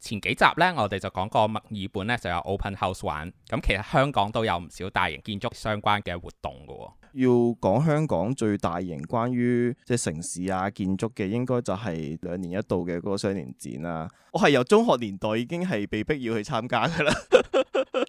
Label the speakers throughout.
Speaker 1: 前幾集呢，我哋就講過墨爾本呢就有 Open House 玩，咁其實香港都有唔少大型建築相關嘅活動㗎。
Speaker 2: 要講香港最大型關於即係城市啊建築嘅，應該就係兩年一度嘅嗰個雙年展啦、啊。我係由中學年代已經係被逼要去參加㗎啦。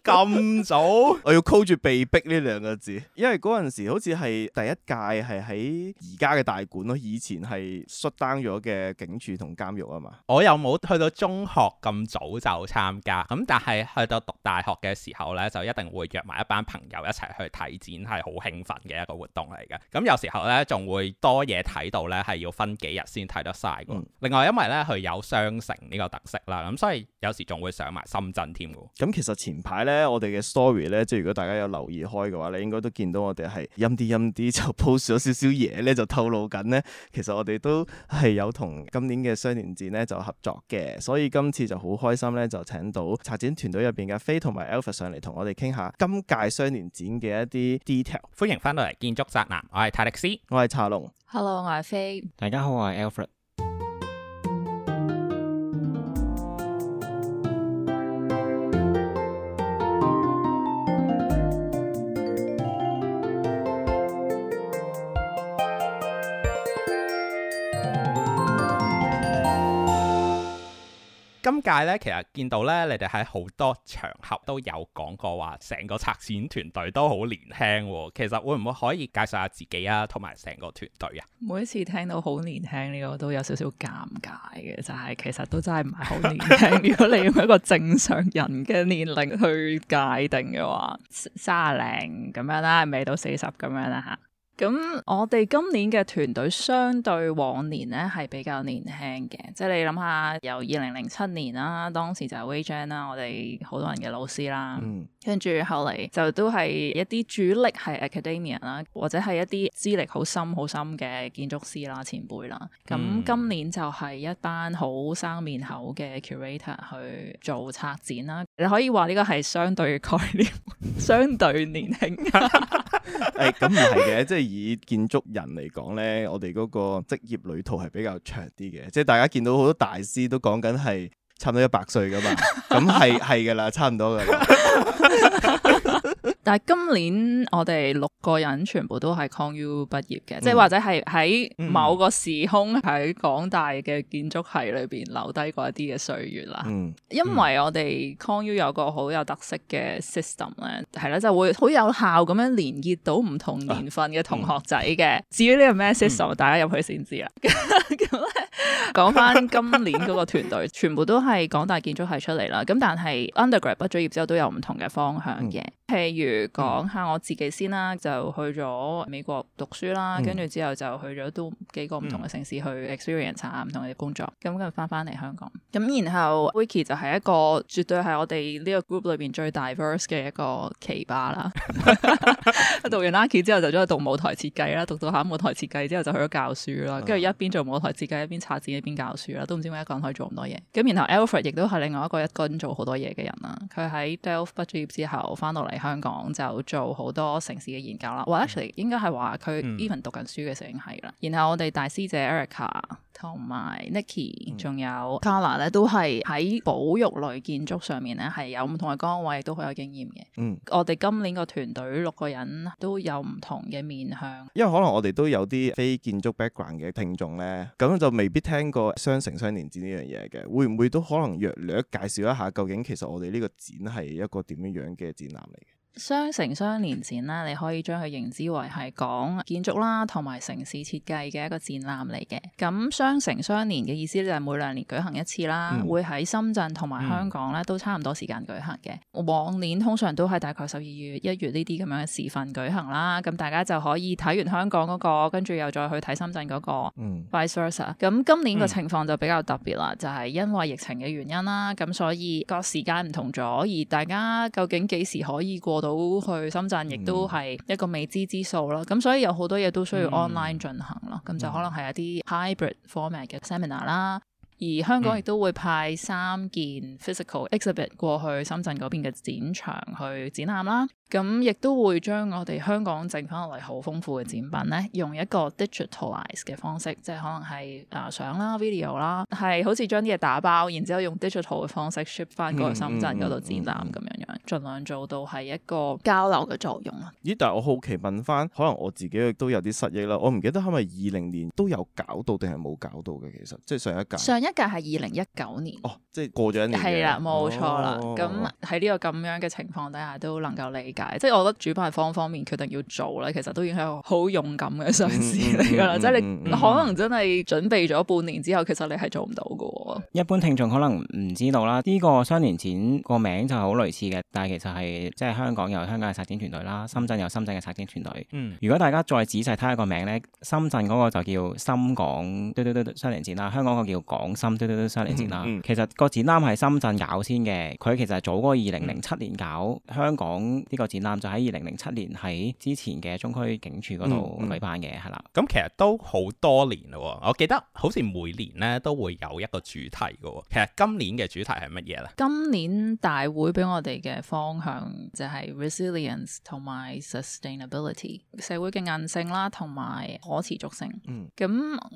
Speaker 2: 咁早， 我要 call 住被逼呢兩個字，因為嗰陣時好似係第一屆係喺而家嘅大館咯，以前係 shut down 咗嘅警署同監獄啊嘛。我又冇去到中
Speaker 1: 學咁早就參加，咁但係去到讀大學嘅時候咧，就一定會約埋一班朋友一齊去睇展，係好興奮嘅一個活動嚟嘅。咁有時候咧仲會多嘢睇到咧，係要分幾日先睇得晒。嗯、另外，因為咧佢有雙城呢個特色啦，咁所以有時仲會上埋深圳添嘅。
Speaker 2: 咁、嗯、其實前排。咧，我哋嘅 story 咧，即係如果大家有留意開嘅話咧，應該都見到我哋係陰啲陰啲就 post 咗少少嘢咧，就透露緊咧。其實我哋都係有同今年嘅雙年展咧就合作嘅，所以今次就好開心咧，就請到策展團隊入邊嘅飛同埋 Alfred 上嚟同我哋傾下今屆雙年展嘅一啲 detail。歡迎翻到嚟建築宅男，我係泰力斯，我係茶龍
Speaker 3: ，Hello，我係飛，
Speaker 4: 大家好，我係 Alfred。今
Speaker 1: 屆咧，其實見到咧，你哋喺好多場合都有講過話，成個策展團隊都好年輕喎。其實會唔會可以介紹下自己啊，同埋成個團隊啊？每
Speaker 3: 一次聽到好年輕呢、這個都有少少尷尬嘅，就係、是、其實都真係唔係好年輕。 如果你用一個正常人嘅年齡去界定嘅話，卅零咁樣啦，未到四十咁樣啦嚇。咁我哋今年嘅團隊相對往年咧係比較年輕嘅，即係你諗下，由二零零七年啦，當時就係 Way Jan 啦，我哋好多人嘅老師啦，跟住、嗯、後嚟就都係一啲主力係 academia 啦，或者係一啲資歷好深好深嘅建築師啦、前輩啦。咁、嗯、今年就係一班好生面口嘅 curator 去做策展啦。你可以話呢個係相對概念，相對年輕。
Speaker 2: 誒，咁唔係嘅，即係以建築人嚟講呢，我哋嗰個職業旅途係比較長啲嘅，即係大家見到好多大師都講緊係差唔多一百歲噶嘛，咁係係噶啦，差唔多噶啦。
Speaker 3: 但係今年我哋六個人全部都係 ConU 畢業嘅，mm hmm. 即係或者係喺某個時空喺港大嘅建築系裏邊留低過一啲嘅歲月啦。Mm
Speaker 2: hmm. 因為我
Speaker 3: 哋 ConU 有個好有特色嘅 system 咧，係啦，就會好有效咁樣連結到唔同年份嘅同學仔嘅。至於呢個咩 system，大家入去先知啦。咁咧講翻今年嗰個團隊， 全部都係港大建築系出嚟啦。咁但係 undergrad 畢咗業之後都有唔同嘅方向嘅，譬如～講下我自己先啦，就去咗美國讀書啦，跟住、嗯、之後就去咗都幾個唔同嘅城市去 experience 下、啊、唔同嘅工作，咁跟住翻翻嚟香港，咁然後 Wiki 就係一個絕對係我哋呢個 group 裏邊最 diverse 嘅一個奇葩啦。 讀完 archi 之後就咗讀舞台設計啦，讀到下舞台設計之後就去咗教書啦，跟住一邊做舞台設計一邊策展一邊教書啦，都唔知點解一個人可以做咁多嘢。咁然後 Alfred 亦都係另外一個一個人做好多嘢嘅人啦，佢喺 Delft 畢業之後翻到嚟香港。就做好多城市嘅研究啦。Well, actually，、嗯、應該係話，佢 even 讀緊書嘅時候已經係啦。然後我哋大師姐 Erica 同埋 Nicky，仲、嗯、有 Carla 咧，都係喺保育類建築上面咧，係有唔同嘅崗位，亦都好有經驗嘅。嗯，我哋今年個團隊六個人都有唔同嘅面向，
Speaker 2: 因為可能我哋都有啲非建築 background 嘅聽眾咧，咁就未必聽過雙城雙年展呢樣嘢嘅。會唔會都可能略略介紹一下，究竟其實我哋呢個展係一個點樣樣嘅展覽嚟嘅。
Speaker 3: 雙城雙年展咧，你可以將佢認知為係講建築啦，同埋城市設計嘅一個展覽嚟嘅。咁雙城雙年嘅意思就係每兩年舉行一次啦，嗯、會喺深圳同埋香港咧都差唔多時間舉行嘅。往年通常都係大概十二月、一月呢啲咁樣嘅時份舉行啦。咁大家就可以睇完香港嗰、嗰個，跟住又再去睇深圳嗰、嗰個。嗯。vice versa。咁今年個情況就比較特別啦，就係、是、因為疫情嘅原因啦，咁所以個時間唔同咗，而大家究竟幾時可以過？到去深圳亦都係一個未知之數啦，咁、嗯、所以有好多嘢都需要 online 進行咯，咁、嗯、就可能係一啲 hybrid format 嘅 seminar 啦，而香港亦都會派三件 physical exhibit 過去深圳嗰邊嘅展場去展覽啦。咁亦都會將我哋香港整翻落嚟好豐富嘅展品咧，用一個 digitalize 嘅方式，即係可能係啊相啦、video 啦，係好似將啲嘢打包，然之後用 digital 嘅方式 ship 翻過去深圳嗰度展覽咁樣樣，儘、嗯嗯嗯嗯嗯嗯、量做到係一個交流嘅作用啊！
Speaker 2: 咦？但係我好奇問翻，可能我自己都有啲失憶啦，我唔記得係咪二零年都有搞到定係冇搞到嘅？其實即係上一屆。上一
Speaker 3: 屆係二零一九年。哦，
Speaker 2: 即係過咗一年。係啦，冇錯啦。咁
Speaker 3: 喺呢個咁樣嘅情況底下，都能夠理解。即係我覺得主辦方方面決定要做咧，其實都已經係一個好勇敢嘅嘗試嚟噶啦。嗯嗯嗯嗯、即係你可能真係準備咗半年之後，其實你係做唔到嘅。
Speaker 4: 一般聽眾可能唔知道啦，呢、呢個雙年展個名就係好類似嘅，但係其實係即係香港有香港嘅策展團隊啦，深圳有深圳嘅策展團隊。嗯、如果大家再仔細睇下個名咧，深圳嗰個就叫深港對對對雙年展啦，香港個叫港深對對對雙年展啦。嗯嗯、其實個展覽係深圳搞先嘅，佢其實係早嗰二零零七年搞、嗯、香港呢、呢個。展覽就喺二零零七年喺之前嘅中區警署嗰度舉辦嘅，係啦、嗯。
Speaker 1: 咁、嗯、的其實都好多年咯，我記得好似每年咧都會有一個主題嘅。其實今年嘅主題係乜嘢咧？
Speaker 3: 今年大會俾我哋嘅方向就係 resilience 同埋 sustainability，社會嘅韌性啦，同埋可持續性。嗯。咁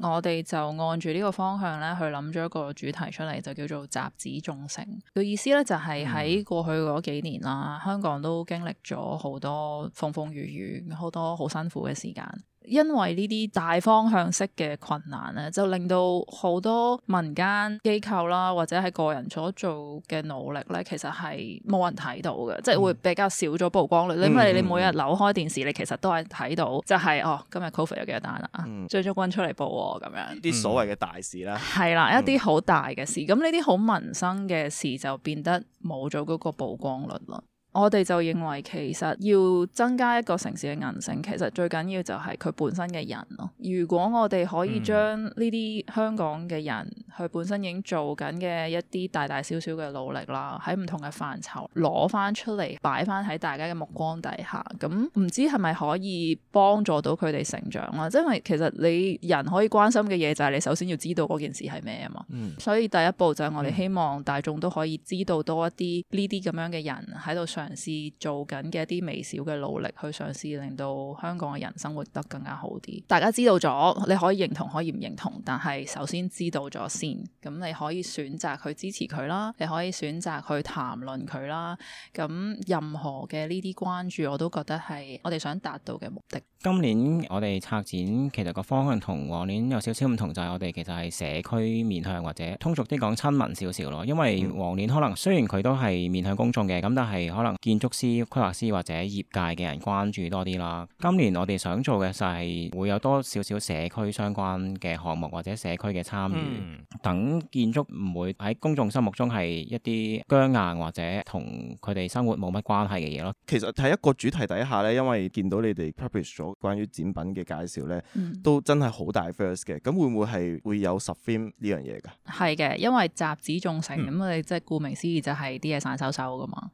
Speaker 3: 我哋就按住呢個方向咧去諗咗一個主題出嚟，就叫做集籽種城。嘅意思咧就係喺過去嗰幾年啦，嗯、香港都經歷咗好多風風雨雨，好多好辛苦嘅時間，因為呢啲大方向式嘅困難咧，就令到好多民間機構啦，或者係個人所做嘅努力咧，其實係冇人睇到嘅，嗯、即係會比較少咗曝光率。嗯、因為你每日扭開電視，嗯、你其實都係睇到，就係、是、哦，今日 Covid 有幾多單啊？張竹君出嚟報咁樣，啲所謂
Speaker 2: 嘅大事啦，係、
Speaker 3: 嗯、啦，一啲好大嘅事，咁呢啲好民生嘅事就變得冇咗嗰個曝光率咯。我哋就認為其實要增加一個城市嘅韌性，其實最緊要就係佢本身嘅人咯。如果我哋可以將呢啲香港嘅人，佢、嗯、本身已經做緊嘅一啲大大小小嘅努力啦，喺唔同嘅範疇攞翻出嚟，擺翻喺大家嘅目光底下，咁唔知係咪可以幫助到佢哋成長啦？因為其實你人可以關心嘅嘢就係你首先要知道嗰件事係咩啊嘛。嗯、所以第一步就係我哋希望大眾都可以知道多一啲呢啲咁樣嘅人喺度上。嘗試做緊嘅一啲微小嘅努力，去嘗試令到香港嘅人生活得更加好啲。大家知道咗，你可以認同，可以唔認同，但係首先知道咗先。咁你可以選擇去支持佢啦，你可以選擇去談論佢啦。咁任何嘅呢啲關注，我都覺得係我哋想達到嘅目的。
Speaker 4: 今年我哋策展，其實個方向同往年有少少唔同，就係我哋其實係社區面向，或者通俗啲講親民少少咯。因為往年可能雖然佢都係面向公衆嘅，咁但係可能建築師規劃師或者業界嘅人關注多啲啦。今年我哋想做嘅就係會有多少少社區相關嘅項目或者社區嘅參與，等建築唔會喺公衆心目中係
Speaker 2: 一啲僵硬或者同佢哋生活冇乜關係嘅嘢咯。其實喺一個主題底下咧，因為見到你哋 publish 咗。關於展品嘅介紹咧，嗯、都真係好大 first 嘅。咁會唔會係會有十 theme 呢樣嘢噶？
Speaker 3: 係嘅，因為集籽種城咁，我哋即係顧名思義就係啲嘢散收收噶嘛。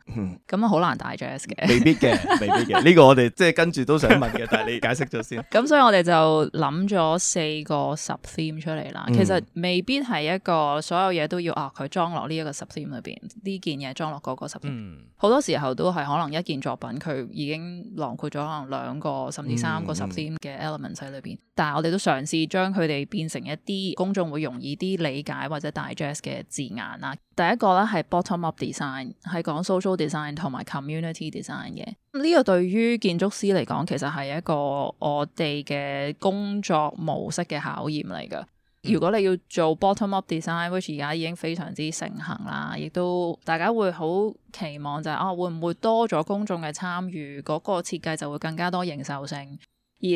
Speaker 3: 咁啊好難 address 嘅，未必嘅，未必嘅。呢
Speaker 2: 個我哋即係跟住都想問嘅， 但係你解釋咗先。
Speaker 3: 咁所以我哋就諗咗四個十 theme 出嚟啦。嗯、其實未必係一個所有嘢都要啊佢裝落呢一個十 theme 裏邊呢件嘢裝落嗰個十 theme 好多時候都係可能一件作品佢已經囊括咗可能兩個甚至三。三個十點嘅 element 喺裏邊，但係我哋都嘗試將佢哋變成一啲公眾會容易啲理解或者 digest 嘅字眼啦。第一個咧係 bottom up design，係講 social design 同埋 community design 嘅。呢、這個對於建築師嚟講，其實係一個我哋嘅工作模式嘅考驗嚟㗎。如果你要做 bottom-up design，which 而家已經非常之盛行啦，亦都大家會好期望就係、是、哦、啊，會唔會多咗公眾嘅參與，嗰、那個設計就會更加多認受性。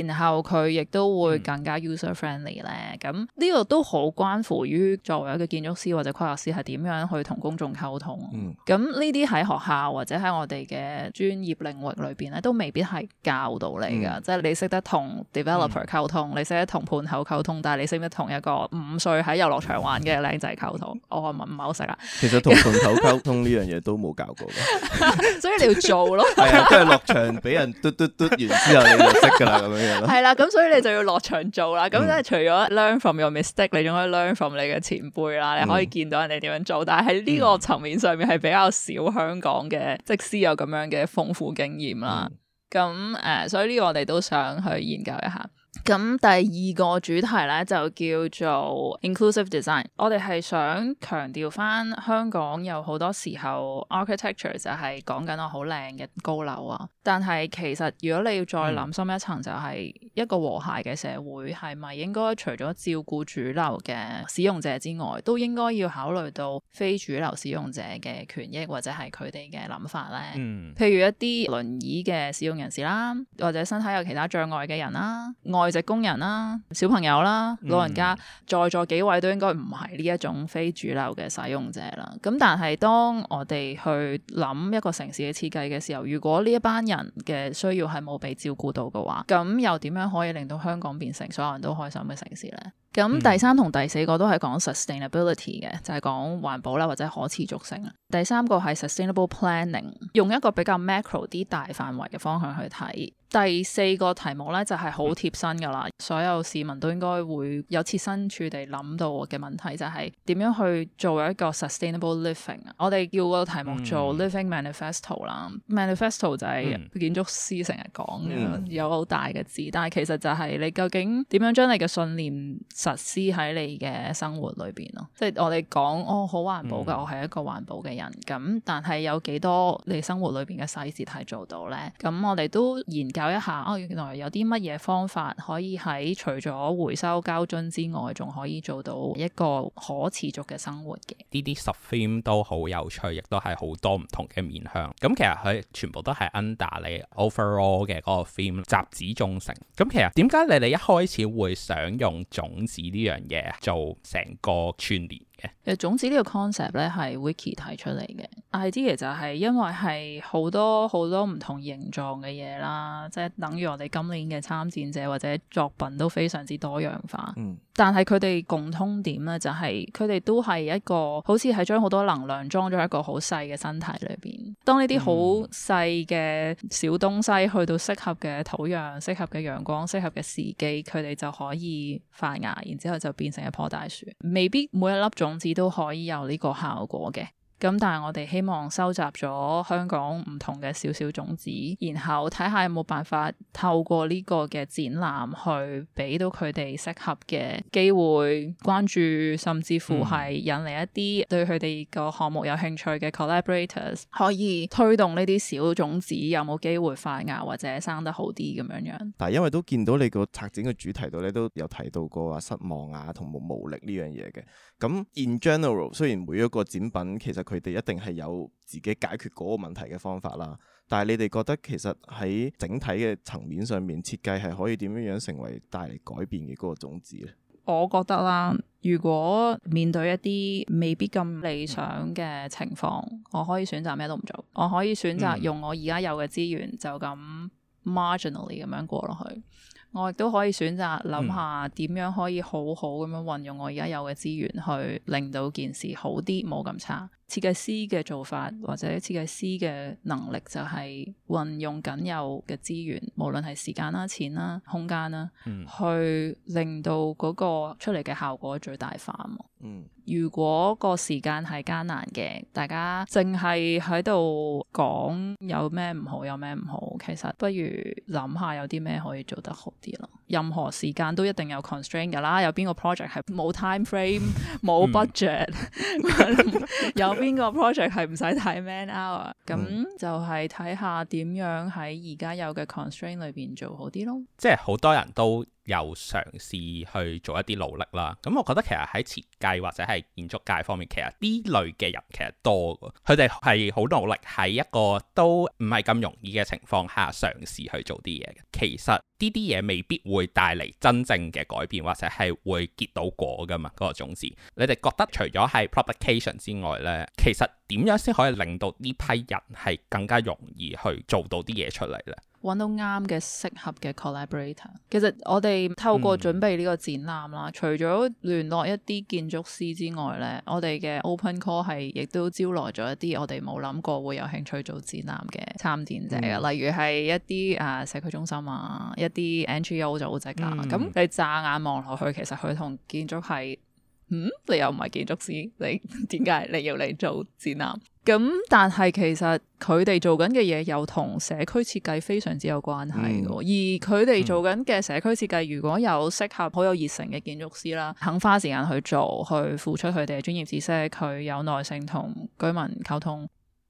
Speaker 3: 然後佢亦都會更加 user friendly 咧，咁呢個都好關乎於作為一個建築師或者規劃師係點樣去同公眾溝通。咁呢啲喺學校或者喺我哋嘅專業領域裏邊咧，都未必係教到你噶。即係你識得同 developer 溝通，你識得同判頭溝通，但係你識唔識同一個五歲喺遊樂場玩嘅靚仔溝通？我唔係好識啊！
Speaker 2: 其實同判頭溝通呢樣嘢都冇教過嘅，
Speaker 3: 所以你要做咯。係啊，都
Speaker 2: 係落場俾人嘟嘟嘟完之後，你就識㗎啦咁。係
Speaker 3: 啦，咁 所以你就要落場做啦。咁即係除咗 learn from your mistake，你仲可以 learn from 你嘅前輩啦。你可以見到人哋點樣做，但係喺呢個層面上面係比較少香港嘅即係師有咁樣嘅豐富經驗啦。咁誒、 呃，所以呢個我哋都想去研究一下。咁第二個主題咧就叫做 inclusive design。我哋係想強調翻香港有好多時候 architecture 就係講緊我好靚嘅高樓啊。但係其實如果你要再諗深一層，就係一個和諧嘅社會係咪應該除咗照顧主流嘅使用者之外，都應該要考慮到非主流使用者嘅權益或者係佢哋嘅諗法咧？嗯，譬如一啲輪椅嘅使用人士啦，或者身體有其他障礙嘅人啦，外籍工人啦，小朋友啦，老人家，嗯、在座幾位都應該唔係呢一種非主流嘅使用者啦。咁但係當我哋去諗一個城市嘅設計嘅時候，如果呢一班人嘅需要係冇被照顧到嘅話，咁又點樣可以令到香港變成所有人都開心嘅城市呢？咁第三同第四個都係講 sustainability 嘅，就係講環保啦或者可持續性啦。第三個係 sustainable planning，用一個比較 macro 啲大範圍嘅方向去睇。第四個題目咧就係好貼身㗎啦，所有市民都應該會有切身處地諗到嘅問題，就是，就係點樣去做一個 sustainable living 啊？我哋叫個題目做 living manifesto 啦、嗯、，manifesto 就係建築師成日講嘅，嗯、有好大嘅字，但係其實就係你究竟點樣將你嘅信念實施喺你嘅生活裏邊咯。即係我哋講哦，好環保嘅，我係一個環保嘅人，咁、嗯、但係有幾多你生活裏邊嘅細節係做到咧？咁我哋都研究。一下哦，原來有啲乜嘢方法可以喺除咗回收膠樽之外，仲可以做到一個可持續嘅生活嘅。呢
Speaker 1: 啲 theme 都好有趣，亦都係好多唔同嘅面向。咁其實佢全部都係 under 你 overall 嘅嗰個 theme，集籽種城。咁其實點解你哋一開始會想用種子呢樣嘢做成個串聯？
Speaker 3: 誒總之呢個 concept 咧係 Wiki 提出嚟嘅 idea 就係因為係好多好多唔同形狀嘅嘢啦，即係等於我哋今年嘅參展者或者作品都非常之多樣化。嗯，但係佢哋共通點咧就係佢哋都係一個好似係將好多能量裝咗喺一個好細嘅身體裏邊。當呢啲好細嘅小東西去到適合嘅土壤、適合嘅陽光、適合嘅時機，佢哋就可以發芽，然之後就變成一棵大樹。未必每一粒種。子都可以有呢個效果嘅，咁但係我哋希望收集咗香港唔同嘅少少種子，然後睇下有冇辦法透過呢個嘅展覽去俾到佢哋適合嘅機會關注，甚至乎係引嚟一啲對佢哋個項目有興趣嘅 collaborators，可以推動呢啲小種子有冇機會發芽或者生得好啲咁樣樣。
Speaker 2: 但係因為都見到你個策展嘅主題度咧，你都有提到過啊失望啊同冇無力呢樣嘢嘅。咁 in general，雖然每一個展品，其實佢哋一定係有自己解決嗰個問題嘅方法啦，但係你哋覺得其實喺整體嘅層面上面設計係可以點樣樣成為帶嚟改變嘅嗰個種子咧？
Speaker 3: 我覺得啦，如果面對一啲未必咁理想嘅情況，我可以選擇咩都唔做，我可以選擇用我而家有嘅資源就咁 marginally 咁樣 mar 過落去。我亦都可以選擇諗下點樣可以好好咁樣運用我而家有嘅資源，去令到件事好啲，冇咁差。設計師嘅做法或者設計師嘅能力就係運用僅有嘅資源，無論係時間啦、錢啦、空間啦，嗯、去令到個出嚟嘅效果最大化。嗯，如果個時間係艱難嘅，大家淨係喺度講有咩唔好，有咩唔好，其實不如諗下有啲咩可以做得好啲咯。任何時間都一定有 constraint 㗎啦，有邊個 project 係冇 time frame、嗯、冇 budget、有？ 邊個 project 係唔使睇 man hour？咁就係睇下點樣喺而家有嘅 constraint 裏邊做好啲咯。
Speaker 1: 即係好多人都又嘗試去做一啲努力啦，咁我覺得其實喺設計或者係建築界方面，其實呢類嘅人其實多。佢哋係好努力喺一個都唔係咁容易嘅情況下嘗試去做啲嘢。其實呢啲嘢未必會帶嚟真正嘅改變，或者係會結到果噶嘛，嗰個種子。你哋覺得除咗係 publication 之外呢，其實點樣先可以令到呢批人係更加容易去做到啲嘢出嚟呢？
Speaker 3: 搵到啱嘅適合嘅 collaborator，其實我哋透過準備呢個展覽啦，嗯、除咗聯絡一啲建築師之外咧，我哋嘅 open call 係亦都招來咗一啲我哋冇諗過會有興趣做展覽嘅參展者嘅，嗯、例如係一啲啊社區中心啊，一啲 NGO 組織啊，咁、嗯、你乍眼望落去，其實佢同建築係。嗯，你又唔係建築師，你點解你要嚟做展覽？咁但係其實佢哋做緊嘅嘢又同社區設計非常之有關係嘅，嗯、而佢哋做緊嘅社區設計，如果有適合好有熱誠嘅建築師啦，肯花時間去做，去付出佢哋嘅專業知識，佢有耐性同居民溝通。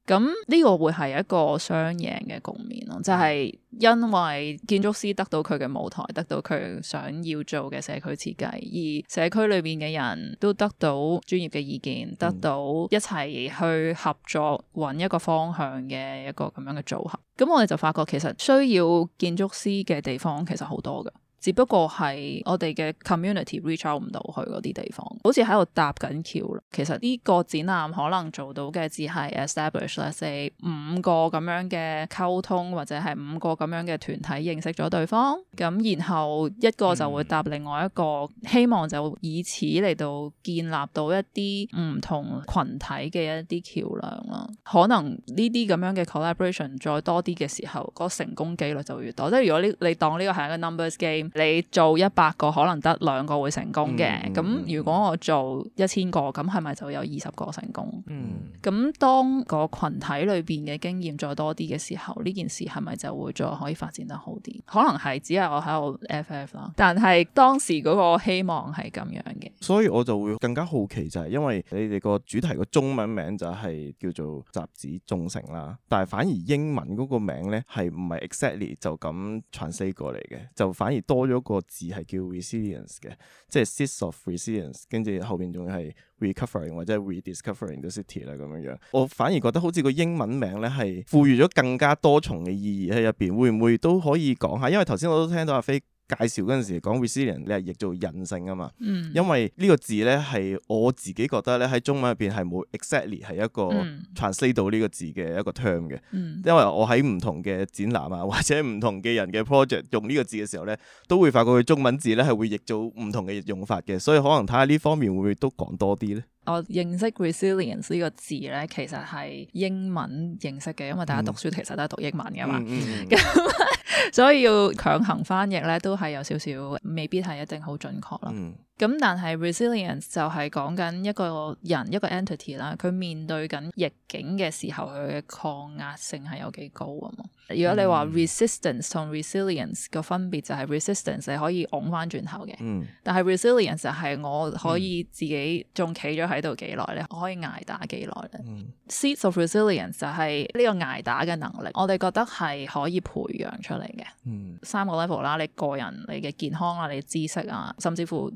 Speaker 3: 咁呢、這個會係一個雙贏嘅局面咯，就係、是、因為建築師得到佢嘅舞台，得到佢想要做嘅社區設計，而社區裏面嘅人都得到專業嘅意見，嗯、得到一齊去合作揾一個方向嘅一個咁樣嘅組合。咁我哋就發覺其實需要建築師嘅地方其實好多㗎。只不過係我哋嘅 community reach out 唔到去嗰啲地方，好似喺度搭緊橋。其實呢個展覽可能做到嘅只係 establish 咧，四、就係、五個咁樣嘅溝通，或者係五個咁樣嘅團體認識咗對方，咁然後一個就會搭另外一個，嗯、希望就以此嚟到建立到一啲唔同群體嘅一啲橋梁啦。可能呢啲咁樣嘅 collaboration 再多啲嘅時候，個成功機率就越多。即係如果呢，你當呢個係一個 numbers game。你做一百個可能得兩個會成功嘅，咁、嗯嗯、如果我做一千個，咁係咪就有二十個成功？嗯，咁當個群體裏邊嘅經驗再多啲嘅時候，呢件事係咪就會再可以發展得好啲？可能係只係我喺度 FF 啦，但係當時個希望係咁樣嘅。
Speaker 2: 所以我就會更加好奇，就係因為你哋個主題個中文名就係叫做集籽種城啦，但係反而英文個名咧係唔係 exactly 就咁 translate 過嚟嘅，就反而多咗個字係叫 resilience 嘅，即係 cities of resilience，跟住後邊仲係 recovering 或者 rediscovering the city 啦咁樣樣。我反而覺得好似個英文名咧係賦予咗更加多重嘅意義喺入邊，會唔會都可以講下？因為頭先我都聽到阿飛介紹嗰陣時講 resilience 你係譯做韌性啊嘛，嗯、因為呢個字咧係我自己覺得咧喺中文入邊係冇 exactly 係一個 translate 到呢個字嘅一個 term 嘅，嗯、因為我喺唔同嘅展覽啊或者唔同嘅人嘅 project 用呢個字嘅時候咧，都會發覺佢中文字咧係會譯做唔同嘅用法嘅，所以可能睇下呢方面會唔會都講多啲咧。
Speaker 3: 我認識 resilience 呢個字咧，其實係英文認識嘅，因為大家讀書其實都係讀英文嘅嘛，咁、嗯嗯嗯嗯、 所以要強行翻譯咧，都係有少少未必係一定好準確咯。嗯咁但係 resilience 就係講緊一個人一個 entity 啦，佢面對緊逆境嘅時候佢嘅抗壓性係有幾高啊嘛？如果你話 resistance 同、嗯、resilience 個分別就係 resistance 係可以昂翻轉頭嘅，嗯、但係 resilience 就係我可以自己仲企咗喺度幾耐咧，嗯、我可以捱打幾耐咧。嗯、seeds of resilience 就係呢個捱打嘅能力，我哋覺得係可以培養出嚟嘅。嗯、三個 level 啦，你個人你嘅健康啊，你知識啊，甚至乎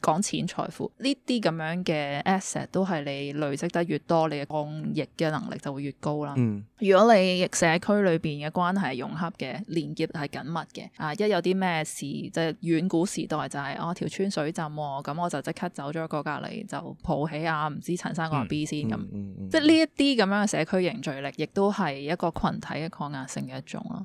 Speaker 3: 講錢財富呢啲咁樣嘅 asset 都係你累積得越多，你嘅抗逆嘅能力就會越高啦。嗯，如果你社區裏邊嘅關係係融洽嘅，連結係緊密嘅，啊，一有啲咩事，即、就、係、是、遠古時代就係、是、哦、啊、條村水浸，咁我就即刻走咗過隔籬就抱起啊，唔知陳生個 B 先咁，即係呢一啲咁樣嘅社區凝聚力，亦都係一個群體嘅抗壓性嘅一種啦。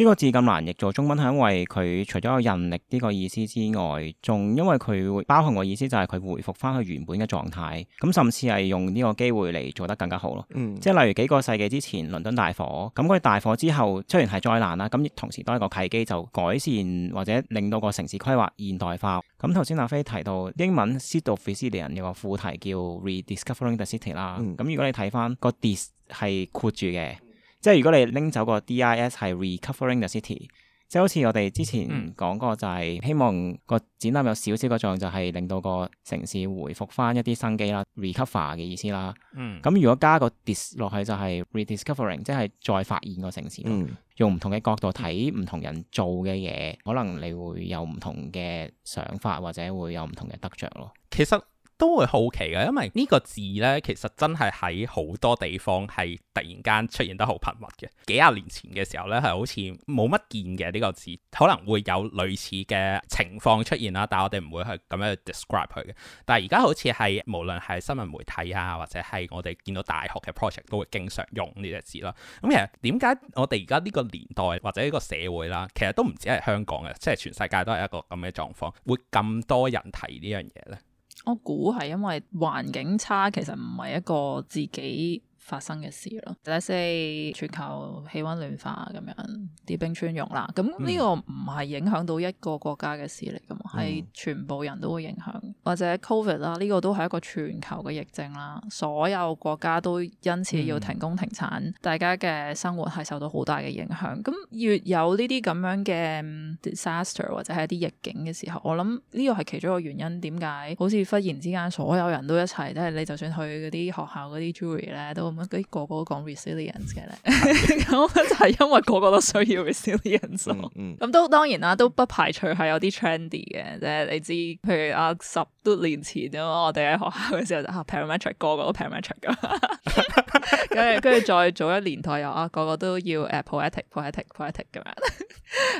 Speaker 4: 呢個字咁難譯做中文，係因為佢除咗有「韌力」呢個意思之外，仲因為佢會包含個意思，就係佢回復翻佢原本嘅狀態，咁甚至係用呢個機會嚟做得更加好咯。嗯，即係例如幾個世紀之前倫敦大火，咁佢大火之後雖然係災難啦，咁亦同時都係一個契機，就改善或者令到個城市規劃現代化。咁頭先阿飛提到英文 c i t of Phileas 嘅人有個副題叫 Rediscovering the City 啦。嗯，咁、嗯、如果你睇翻、這個 dis 係括住嘅。即係如果你拎走個 DIS 係 recovering the city，即係好似我哋之前講過，就係希望個展覽有少少嘅作用，就係令到個城市回復翻一啲生機啦，recover 嘅意思啦。咁、嗯、如果加個 dis 落去就係 rediscovering，即係再發現個城市，嗯、用唔同嘅角度睇唔同人做嘅嘢，嗯、可能你會有唔同嘅想法或者會有唔同嘅得着咯。
Speaker 1: 其實。都會好奇嘅，因為呢個字呢，其實真係喺好多地方係突然間出現得好頻密嘅。幾廿年前嘅時候呢，係好似冇乜見嘅呢個字，可能會有類似嘅情況出現啦，但係我哋唔會去咁樣 describe 佢嘅。但係而家好似係無論係新聞媒體啊，或者係我哋見到大學嘅 project 都會經常用呢隻字啦。咁、嗯、其實點解我哋而家呢個年代或者呢個社會啦，其實都唔止係香港嘅，即係全世界都係一個咁嘅狀況，會咁多人提呢樣嘢呢？
Speaker 3: 我估係因為環境差，其實唔係一個自己。發生嘅事咯，第四全球氣溫暖化咁樣啲冰川融啦，咁呢個唔係影響到一個國家嘅事嚟噶嘛，係、嗯、全部人都會影響。或者 covid 啦，呢、這個都係一個全球嘅疫症啦，所有國家都因此要停工停產，嗯、大家嘅生活係受到好大嘅影響。咁越有呢啲咁樣嘅 disaster 或者係一啲逆境嘅時候，我諗呢個係其中一個原因，點解好似忽然之間所有人都一齊，即、就、係、是、你就算去嗰啲學校嗰啲 jury 咧都。嗰啲個個都講 resilience 嘅咧，咁 就係因為個個都需要 resilience 咁、嗯嗯、都當然啦，都不排除係有啲 trendy 嘅，即係你知，譬如啊十多年前啊，我哋喺學校嘅時候就 parametric，個個都 parametric 咁。跟住跟住再早一年代又啊，個個都要誒 poetic, poetic，poetic，poetic 咁樣。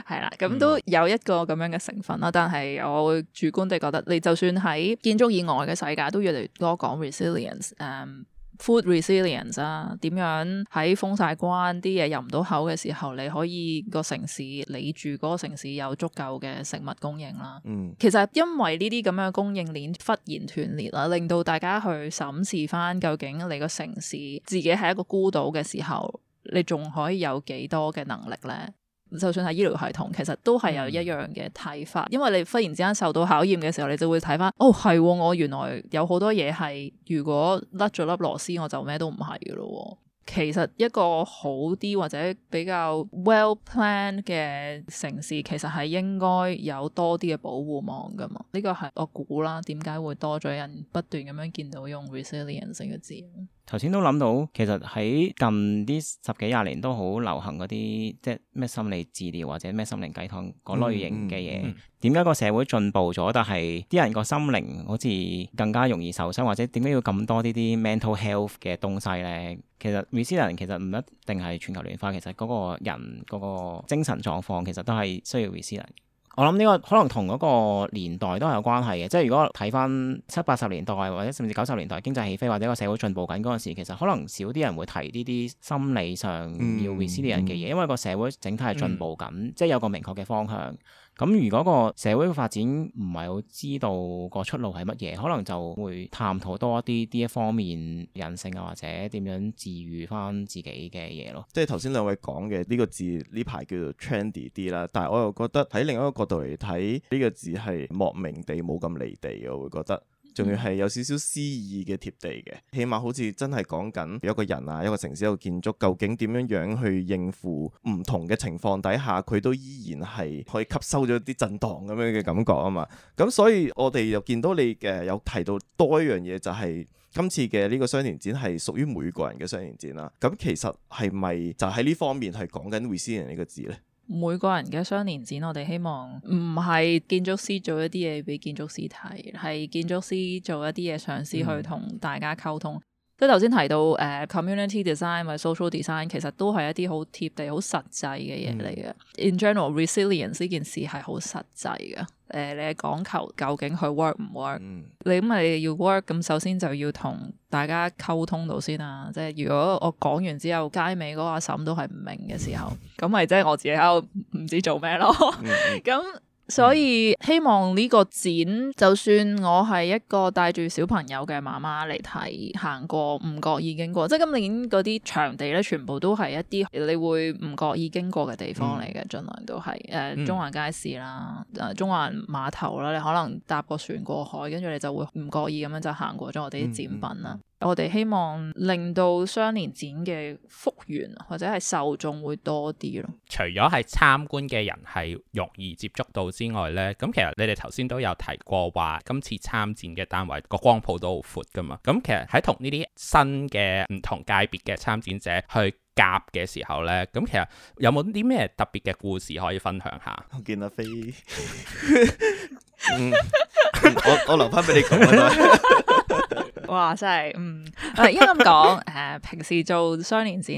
Speaker 3: 係 啦，咁都有一個咁樣嘅成分啦。但係我主觀地覺得，你就算喺建築以外嘅世界，都越嚟越多講 resilience。誒。Food resilience 啊，點樣喺封晒關啲嘢入唔到口嘅時候，你可以個城市你住嗰個城市有足夠嘅食物供應啦。嗯，其實因為呢啲咁樣供應鏈忽然斷裂啦，令到大家去審視返究竟你個城市自己係一個孤島嘅時候，你仲可以有幾多嘅能力咧？就算係醫療系統，其實都係有一樣嘅睇法，嗯、因為你忽然之間受到考驗嘅時候，你就會睇翻，哦係，我原來有好多嘢係，如果甩咗粒螺絲，我就咩都唔係嘅咯。其實一個好啲或者比較 well planned 嘅城市，其實係應該有多啲嘅保護網㗎嘛。呢、呢個係我估啦，點解會多咗人不斷咁樣見到用 resilience 嘅字呢？
Speaker 4: 頭先都諗到，其實喺近啲十幾廿年都好流行嗰啲，即係咩心理治療或者咩心靈雞湯嗰類型嘅嘢。點解個社會進步咗，但係啲人個心靈好似更加容易受傷，或者點解要咁多呢啲 mental health 嘅東西咧？其實 resilience 其實唔一定係全球暖化，其實嗰個人嗰個精神狀況其實都係需要 resilience。我諗呢個可能同嗰個年代都係有關係嘅，即係如果睇翻七八十年代或者甚至九十年代經濟起飛或者個社會進步緊嗰陣時，其實可能少啲人會提呢啲心理上要 resilient 嘅嘢，嗯、因為個社會整體係進步緊，嗯、即係有個明確嘅方向。咁如果個社會嘅發展唔係好知道個出路係乜嘢，可能就會探討多一啲呢一方面人性啊，或者點樣治癒翻自己嘅嘢咯。
Speaker 2: 即係頭先兩位講嘅呢個字呢排叫做 trendy 啲啦，但係我又覺得喺另一個角度嚟睇呢個字係莫名地冇咁離地，我會覺得。仲要係有少少詩意嘅貼地嘅，起碼好似真係講緊一個人啊，一個城市、一個建築，究竟點樣樣去應付唔同嘅情況底下，佢都依然係可以吸收咗啲震盪咁樣嘅感覺啊嘛。咁所以我哋又見到你嘅有提到多一樣嘢，就係、是、今次嘅呢個雙年展係屬於每個人嘅雙年展啦。咁其實係咪就喺呢方面係講緊 resilient 呢個字咧？
Speaker 3: 每個人嘅雙年展，我哋希望唔係建築師做一啲嘢畀建築師睇，係建築師做一啲嘢嘗試去同大家溝通。嗯即係頭先提到誒、呃、community design 同 social design 其實都係一啲好貼地、好實際嘅嘢嚟嘅。嗯、In general，resilience 呢件事係好實際嘅。誒、呃，你講求究，究竟佢 work 唔 work？嗯、你咁咪要 work？咁首先就要同大家溝通到先啦。即係如果我講完之後街尾嗰個阿嬸都係唔明嘅時候，咁咪即係我自己喺度唔知做咩咯。咁、嗯。嗯嗯 所以希望呢個展，就算我係一個帶住小朋友嘅媽媽嚟睇，行過唔覺意經過，即係今年嗰啲場地咧，全部都係一啲你會唔覺意經過嘅地方嚟嘅，儘、嗯、量都係誒、呃嗯、中環街市啦、誒、呃、中環碼頭啦，你可能搭個船過海，跟住你就會唔覺意咁樣就行過咗我哋啲展品啦。嗯嗯嗯我哋希望令到雙年展嘅復原或者係受眾會多啲咯。
Speaker 1: 除咗係參觀嘅人係容易接觸到之外呢，咁其實你哋頭先都有提過話，今次參展嘅單位個光譜都好闊㗎嘛。咁其實喺同呢啲新嘅唔同界別嘅參展者去夾嘅時候呢，咁其實有冇啲咩特別嘅故事可以分
Speaker 2: 享下？我見阿飛。
Speaker 3: 嗯、我我留翻俾你講啊！哇，真係嗯，因為咁講誒，平時做雙年展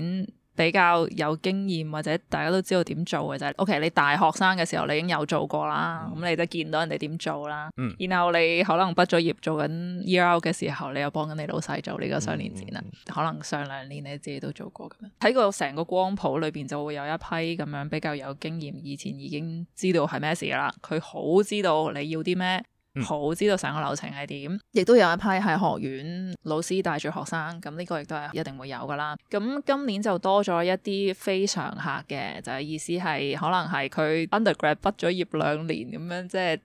Speaker 3: 比較有經驗或者大家都知道點做嘅就係，O K，你大學生嘅時候你已經有做過啦，咁、嗯、你都見到人哋點做啦。嗯、然後你可能畢咗業做緊 E L 嘅時候，你又幫緊你老細做呢個雙年展啦。嗯、可能上兩年你自己都做過咁樣，喺個成個光譜裏邊就會有一批咁樣比較有經驗，以前已經知道係咩事啦，佢好知道你要啲咩。好知道成個流程係點，亦都有一批係學院老師帶住學生，咁呢個亦都係一定會有噶啦。咁今年就多咗一啲非常客嘅，就係意思係可能係佢 undergrad 畢咗業兩年咁樣，即係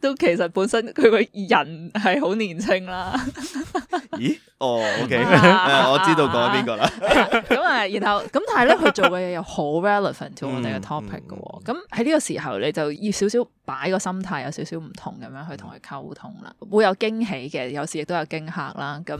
Speaker 3: 都其實本身佢個人係好年輕啦。咦？哦，OK，我知道講邊個啦。咁啊，然後咁但係咧佢做嘅嘢又好 relevant to 我哋嘅 topic 嘅。咁喺呢個時候你就要少少擺個心態，有少少唔同咁樣去睇。同佢溝通啦，會有驚喜嘅，有時亦都有驚嚇啦。咁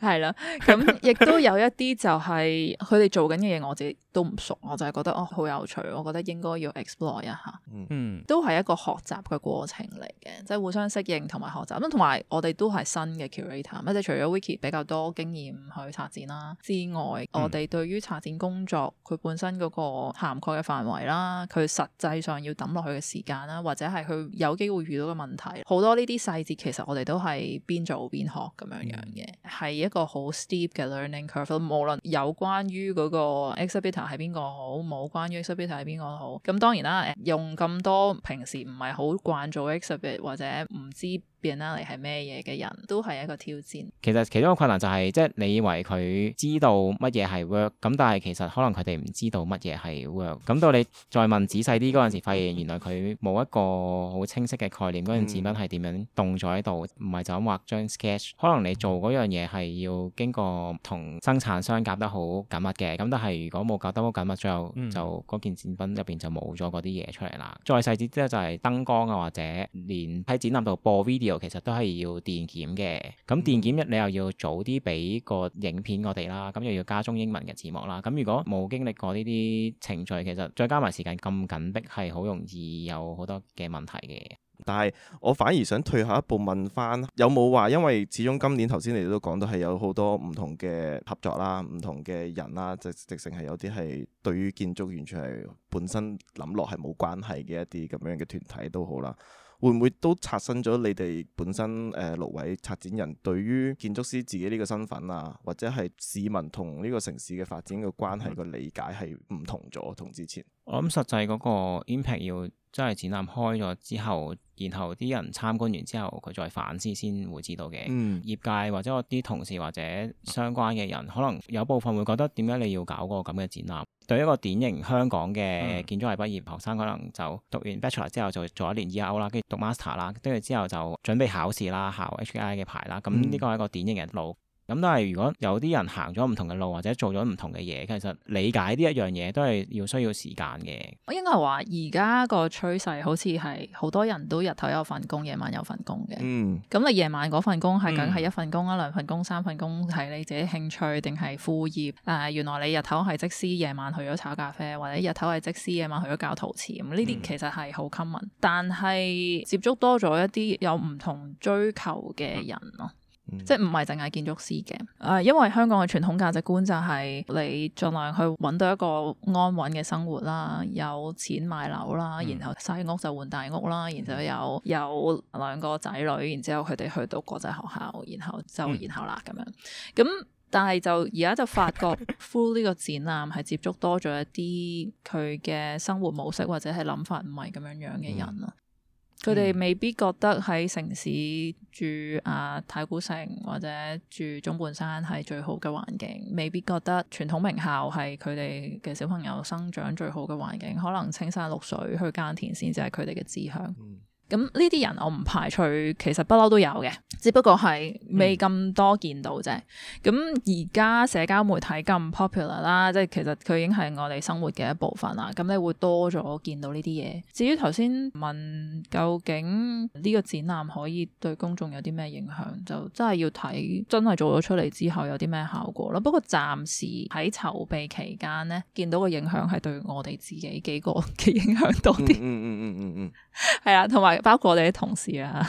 Speaker 3: 係啦，咁亦都有一啲就係佢哋做緊嘅嘢，我自己都唔熟，我就係覺得哦，好有趣，我覺得應該要 explore 一下。嗯，都係一個學習嘅過程嚟嘅，即係互相適應同埋學習。咁同埋我哋都係新嘅 curator，即係除咗 Wiki 比較多經驗去策展啦之外，我哋對於策展工作佢本身嗰個涵蓋嘅範圍啦，佢實際上要抌落去嘅時間啦，或者係佢有機會遇到嘅問題好多呢啲細節，其實我哋都係邊做邊學咁樣樣嘅，係、嗯、一個好 steep 嘅 learning curve。無論有關於嗰個 exhibitor 係邊個好，冇關於 exhibitor 係邊個好，咁當然啦，用咁多平時唔係好慣做 exhibit 或者唔知。變啦，你係咩嘢嘅人都係一個挑戰。
Speaker 4: 其實其中一個困難就係、是，即係你以為佢知道乜嘢係 work，咁但係其實可能佢哋唔知道乜嘢係 work。咁到你再問仔細啲嗰陣時，發現原來佢冇一個好清晰嘅概念，嗰件展品係點樣動作喺度，唔係、嗯、就咁畫張 sketch。可能你做嗰樣嘢係要經過同生產商夾得好緊密嘅，咁但係如果冇夾得好緊密，最後就嗰件展品入邊就冇咗嗰啲嘢出嚟啦。再細節啲咧，就係燈光啊，或者連喺展覽度播 video。其實都係要電檢嘅，咁電檢一你又要早啲俾個影片我哋啦，咁又要加中英文嘅字幕啦，咁如果冇經歷過呢啲程序，其實再加埋時間咁緊迫，係好容易有好多嘅問題嘅。
Speaker 2: 但係我反而想退下一步問翻，有冇話因為始終今年頭先你都講到係有好多唔同嘅合作啦，唔同嘅人啦，直直成係有啲係對於建築完全係本身諗落係冇關係嘅一啲咁樣嘅團體都好啦。會唔會都刷新咗你哋本身誒六位策展人對於建築師自己呢個身份啊，或者係市民同呢個城市嘅發展嘅關係，個理解係唔同咗同、嗯、之前？我諗
Speaker 4: 實際嗰個 impact 要。真係展覽開咗之後，然後啲人參觀完之後，佢再反思先會知道嘅。嗯、業界或者我啲同事或者相關嘅人，可能有部分會覺得點解你要搞個咁嘅展覽？對一個典型香港嘅建築系畢業、嗯、學生，可能就讀完 Bachelor 之後就做一年 EO 啦，跟住讀 Master 啦，跟住之後就準備考試啦，考 HKI 嘅牌啦。咁呢個係一個典型嘅路。咁都係，但如果有啲人行咗唔同嘅路或者做咗唔同嘅嘢，其實理解呢一樣嘢都係要需要時間嘅。
Speaker 3: 我應該話而家個趨勢好似係好多人都日頭有份工，夜晚有份工嘅。嗯，咁你夜晚嗰份工係梗係一份工，嗯、一兩份工、三份工，係你自己興趣定係副業？誒、呃，原來你日頭係則師，夜晚去咗炒咖啡，或者日頭係則師，夜晚去咗教陶瓷，咁呢啲其實係好 common，但係接觸多咗一啲有唔同追求嘅人咯。嗯嗯、即係唔係淨係建築師嘅，誒、呃，因為香港嘅傳統價值觀就係你盡量去揾到一個安穩嘅生活啦，有錢買樓啦，嗯、然後細屋就換大屋啦，然之後有有兩個仔女，然之後佢哋去到國際學校，然後就然後啦咁、嗯、樣。咁、嗯嗯、但係就而家就發覺 through 呢個展覽係接觸多咗一啲佢嘅生活模式或者係諗法唔係咁樣樣嘅人咯。嗯佢哋未必覺得喺城市住啊太古城或者住中半山係最好嘅環境，未必覺得傳統名校係佢哋嘅小朋友生長最好嘅環境，可能青山綠水去耕田先至係佢哋嘅志向。嗯咁呢啲人我唔排除，其實不嬲都有嘅，只不過係未咁多見到啫。咁而家社交媒體咁 popular 啦，即係其實佢已經係我哋生活嘅一部分啦。咁你會多咗見到呢啲嘢。至於頭先問究竟呢個展覽可以對公眾有啲咩影響，就真係要睇真係做咗出嚟之後有啲咩效果咯。不過暫時喺籌備期間咧，見到嘅影響係對我哋自己幾個嘅影響多啲。嗯。嗯嗯嗯嗯嗯，係、嗯嗯、 啊，同埋。包括我哋啲同事啊、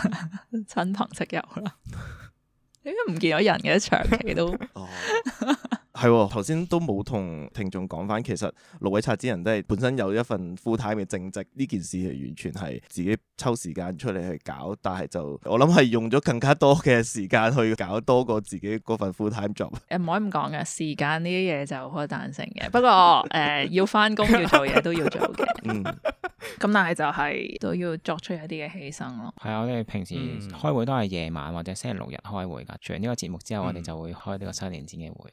Speaker 3: 親朋戚友啦、啊，點解唔見咗人嘅長期都、啊？
Speaker 2: 係，頭先、啊、都冇同聽眾講翻，其實六位策展人都係本身有一份 full time 嘅正職，呢件事係完全係自己抽時間出嚟去搞，但係就我諗係用咗更加多嘅時間去搞多過自己嗰份 full time job。
Speaker 3: 誒唔、啊、可以咁講嘅，時間呢啲嘢就好彈性嘅。不過誒、uh, 要翻工 要做嘢都要做嘅。
Speaker 2: 嗯，
Speaker 3: 咁但係就係都要作出一啲嘅犧牲咯。
Speaker 4: 係啊，我哋平時開會都係夜晚或者星期六日開會㗎。除咗呢個節目之後，我哋、嗯、就會開呢個雙年展嘅會。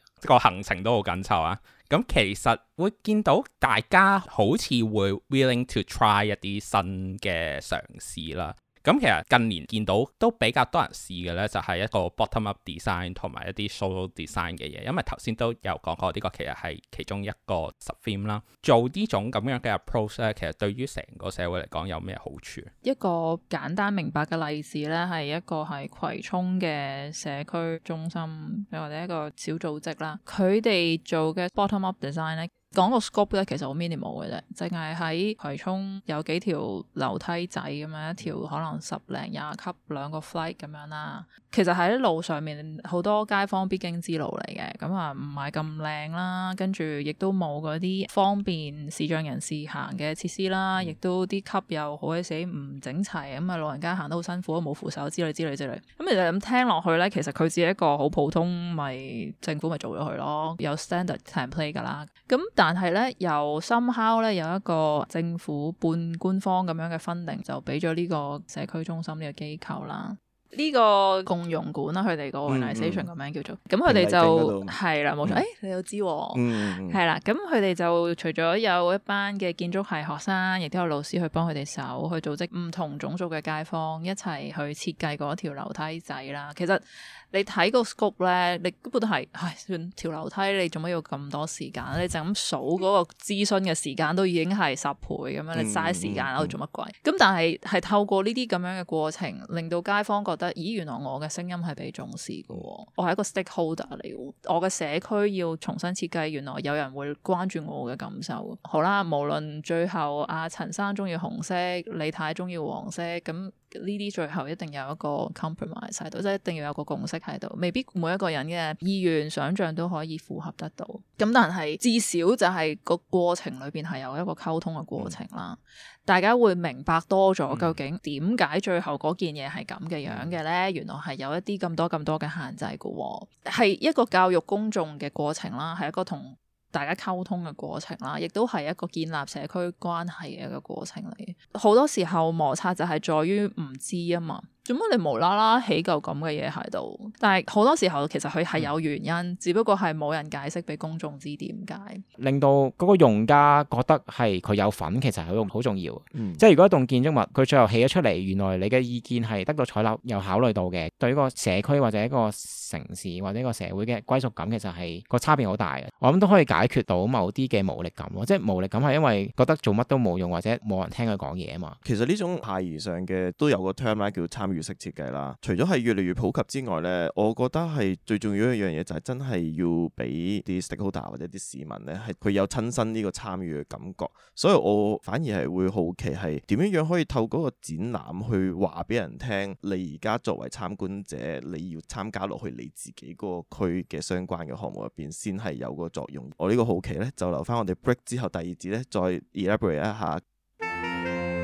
Speaker 4: 行程都
Speaker 1: 好緊湊啊，咁，其實會見到大家好似會 willing to try 一啲新嘅嘗試啦。咁其實近年見到都比較多人試嘅咧，就係一個 bottom up design 同埋一啲 solo design 嘅嘢，因為頭先都有講過，呢個其實係其中一個 theme 啦。做呢種咁樣嘅 approach 咧，其實對於成個社會嚟講有咩好處？
Speaker 3: 一個簡單明白嘅例子咧，係一個係葵涌嘅社區中心又或者一個小組織啦，佢哋做嘅 bottom up design 咧。講 sc 個 scope 咧，其實好 minimal 嘅啫，淨係喺葵涌有幾條樓梯仔咁樣，一條可能十零廿級兩個 flight 咁樣啦。其實喺路上面好多街坊必經之路嚟嘅，咁啊唔係咁靚啦，跟住亦都冇嗰啲方便視障人士行嘅設施啦，亦都啲級又好鬼死唔整齊，咁啊老人家行得好辛苦，冇扶手之類之類之類。咁其實咁聽落去咧，其實佢只係一個好普通，咪政府咪做咗佢咯，有 standard template 噶啦，咁。但係咧，由深烤咧有一個政府半官方咁樣嘅 funding，就俾咗呢個社區中心呢個機構啦，呢、這個共融館啦，佢哋個 organisation 個名、嗯嗯、叫做，咁佢哋就係、嗯嗯、啦，冇錯，誒、嗯哎、你都知喎、啊，係、嗯嗯、啦，咁佢哋就除咗有一班嘅建築系學生，亦都有老師去幫佢哋手，去組織唔同種族嘅街坊一齊去設計嗰條樓梯仔啦，其實。你睇個 scope 咧，你根本都係唉，算條樓梯，你做乜要咁多時間？你就咁數嗰個諮詢嘅時間都已經係十倍咁、嗯嗯嗯、樣，你嘥時間喺度做乜鬼？咁但係係透過呢啲咁樣嘅過程，令到街坊覺得，咦，原來我嘅聲音係被重視嘅喎，我係一個 stakeholder 嚟嘅，我嘅社區要重新設計，原來有人會關注我嘅感受。好啦，無論最後阿、啊、陳生中意紅色，李太中意黃色，咁、嗯。呢啲最後一定有一個 compromise 喺度，即係一定要有個共識喺度，未必每一個人嘅意願想像都可以符合得到。咁但係至少就係個過程裏邊係有一個溝通嘅過程啦，嗯、大家會明白多咗究竟點解最後嗰件嘢係咁嘅樣嘅咧？原來係有一啲咁多咁多嘅限制嘅喎，係一個教育公眾嘅過程啦，係一個同大家溝通嘅過程啦，亦都係一個建立社區關係嘅一個過程嚟。好多時候摩擦就係在於唔知吖嘛。做乜你無啦啦起嚿咁嘅嘢喺度？但係好多時候其實佢係有原因，嗯、只不過係冇人解釋俾公眾知點解，
Speaker 4: 令到嗰個用家覺得係佢有份，其實係好重要。嗯、即係如果一棟建築物佢最後起咗出嚟，原來你嘅意見係得到採納，又考慮到嘅，對一個社區或者一個城市或者一個社會嘅歸屬感，其實係個差別好大嘅。我諗都可以解決到某啲嘅無力感咯。即係無力感係因為覺得做乜都冇用，或者冇人聽佢講嘢啊嘛。
Speaker 2: 其實呢種派疑上嘅都有個 term 叫參與。式設計啦，除咗係越嚟越普及之外咧，我覺得係最重要一樣嘢就係真係要俾啲 Stakeholder 或者啲市民咧，係佢有親身呢個參與嘅感覺。所以我反而係會好奇係點樣樣可以透過個展覽去話俾人聽，你而家作為參觀者，你要參加落去你自己個區嘅相關嘅項目入邊，先係有個作用。我呢個好奇咧，就留翻我哋 break 之後第二節咧再 elaborate 一下。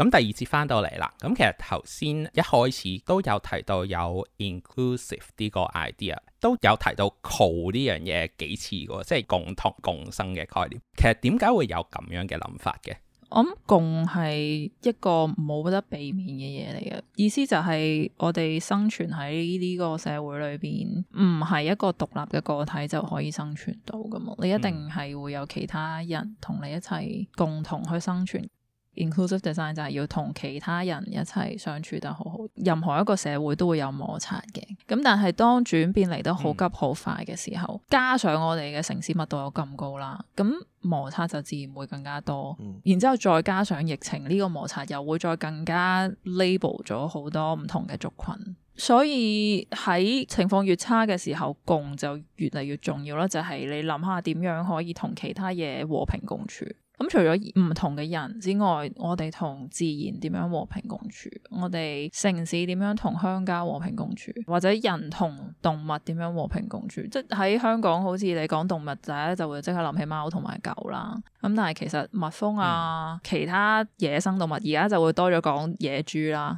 Speaker 1: 咁第二次翻到嚟啦，咁其實頭先一開始都有提到有 inclusive 呢個 idea，都有提到 c 共呢樣嘢幾次喎，即係共同共生嘅概念。其實點解會有咁樣嘅諗法嘅？
Speaker 3: 我諗共係一個冇得避免嘅嘢嚟嘅，意思就係我哋生存喺呢個社會裏邊，唔係一個獨立嘅個體就可以生存到嘛。你一定係會有其他人同你一齊共同去生存。inclusive design 就係要同其他人一齊相處得好好，任何一個社會都會有摩擦嘅，咁但係當轉變嚟得好急好快嘅時候，嗯、加上我哋嘅城市密度有咁高啦，咁摩擦就自然會更加多，嗯、然之後再加上疫情呢、呢個摩擦又會再更加 label 咗好多唔同嘅族群，所以喺情況越差嘅時候，共就越嚟越重要啦，就係、是、你諗下點樣可以同其他嘢和平共處。咁除咗唔同嘅人之外，我哋同自然點樣和平共處？我哋城市點樣同鄉郊和平共處？或者人同動物點樣和平共處？即係喺香港，好似你講動物仔，就會即刻諗起貓同埋狗啦。咁但係其實蜜蜂啊，嗯、其他野生動物而家就會多咗講野豬啦，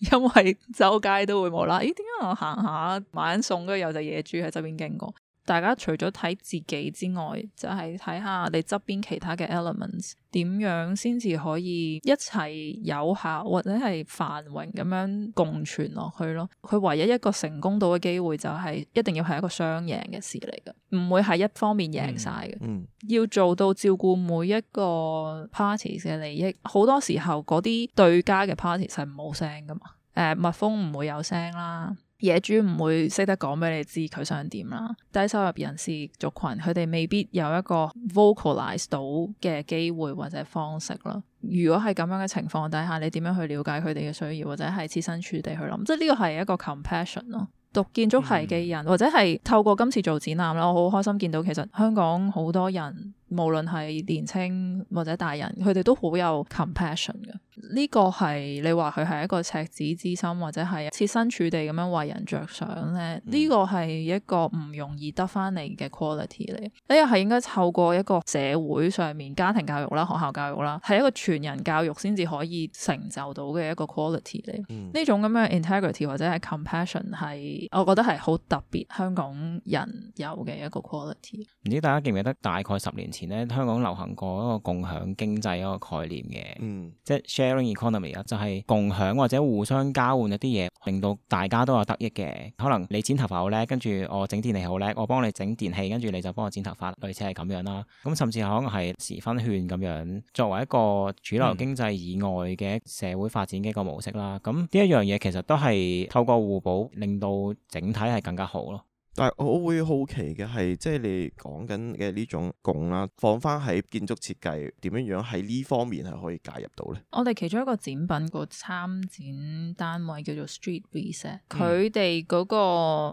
Speaker 3: 因為周街都會冇啦。咦、欸？點解我行下買緊餸，跟住有隻野豬喺周邊經過？大家除咗睇自己之外，就係睇下你側邊其他嘅 elements 點樣先至可以一齊有效或者係繁榮咁樣共存落去咯。佢唯一一個成功到嘅機會就係、是、一定要係一個雙贏嘅事嚟嘅，唔會係一方面贏晒嘅。嗯嗯、要做到照顧每一個 parties 嘅利益，好多時候嗰啲對家嘅 parties 係冇聲噶嘛。誒、呃，蜜蜂唔會有聲啦。野豬唔會識得講俾你知佢想點啦。低收入人士族群，佢哋未必有一個 vocalize 到嘅機會或者方式咯。如果係咁樣嘅情況底下，你點樣去了解佢哋嘅需要，或者係設身處地去諗，即係呢個係一個 compassion 咯。讀建築系嘅人，嗯、或者係透過今次做展覽啦，我好開心見到其實香港好多人。無論係年青或者大人，佢哋都好有 compassion 嘅。呢個係你話佢係一個赤子之心，或者係設身處地咁樣為人着想咧。呢個係一個唔容易得翻嚟嘅 quality 嚟。呢個係應該透過一個社會上面家庭教育啦、學校教育啦，係一個全人教育先至可以成就到嘅一個 quality 嚟。嗯、呢種咁嘅 integrity 或者係 compassion 係，我覺得係好特別香港人有嘅一個 quality。
Speaker 4: 唔知大家記唔記得大概十年前？以前咧，香港流行過一個共享經濟嗰個概念嘅，嗯，即係 sharing economy 啊，就係、係、共享或者互相交換一啲嘢，令到大家都有得益嘅。可能你剪頭髮好叻，跟住我整電器好叻，我幫你整電器，跟住你就幫我剪頭髮，類似係咁樣啦。咁、嗯、甚至可能係時分券咁樣，作為一個主流經濟以外嘅社會發展嘅一個模式啦。咁呢一樣嘢其實都係透過互補，令到整體係更
Speaker 2: 加好咯。但係我會好奇嘅係，即係你講緊嘅呢種共啦，放翻喺建築設計點樣樣喺呢方面係可以介入到呢？
Speaker 3: 我哋其中一個展品個參展單位叫做 Street Reset，佢哋嗰、嗯、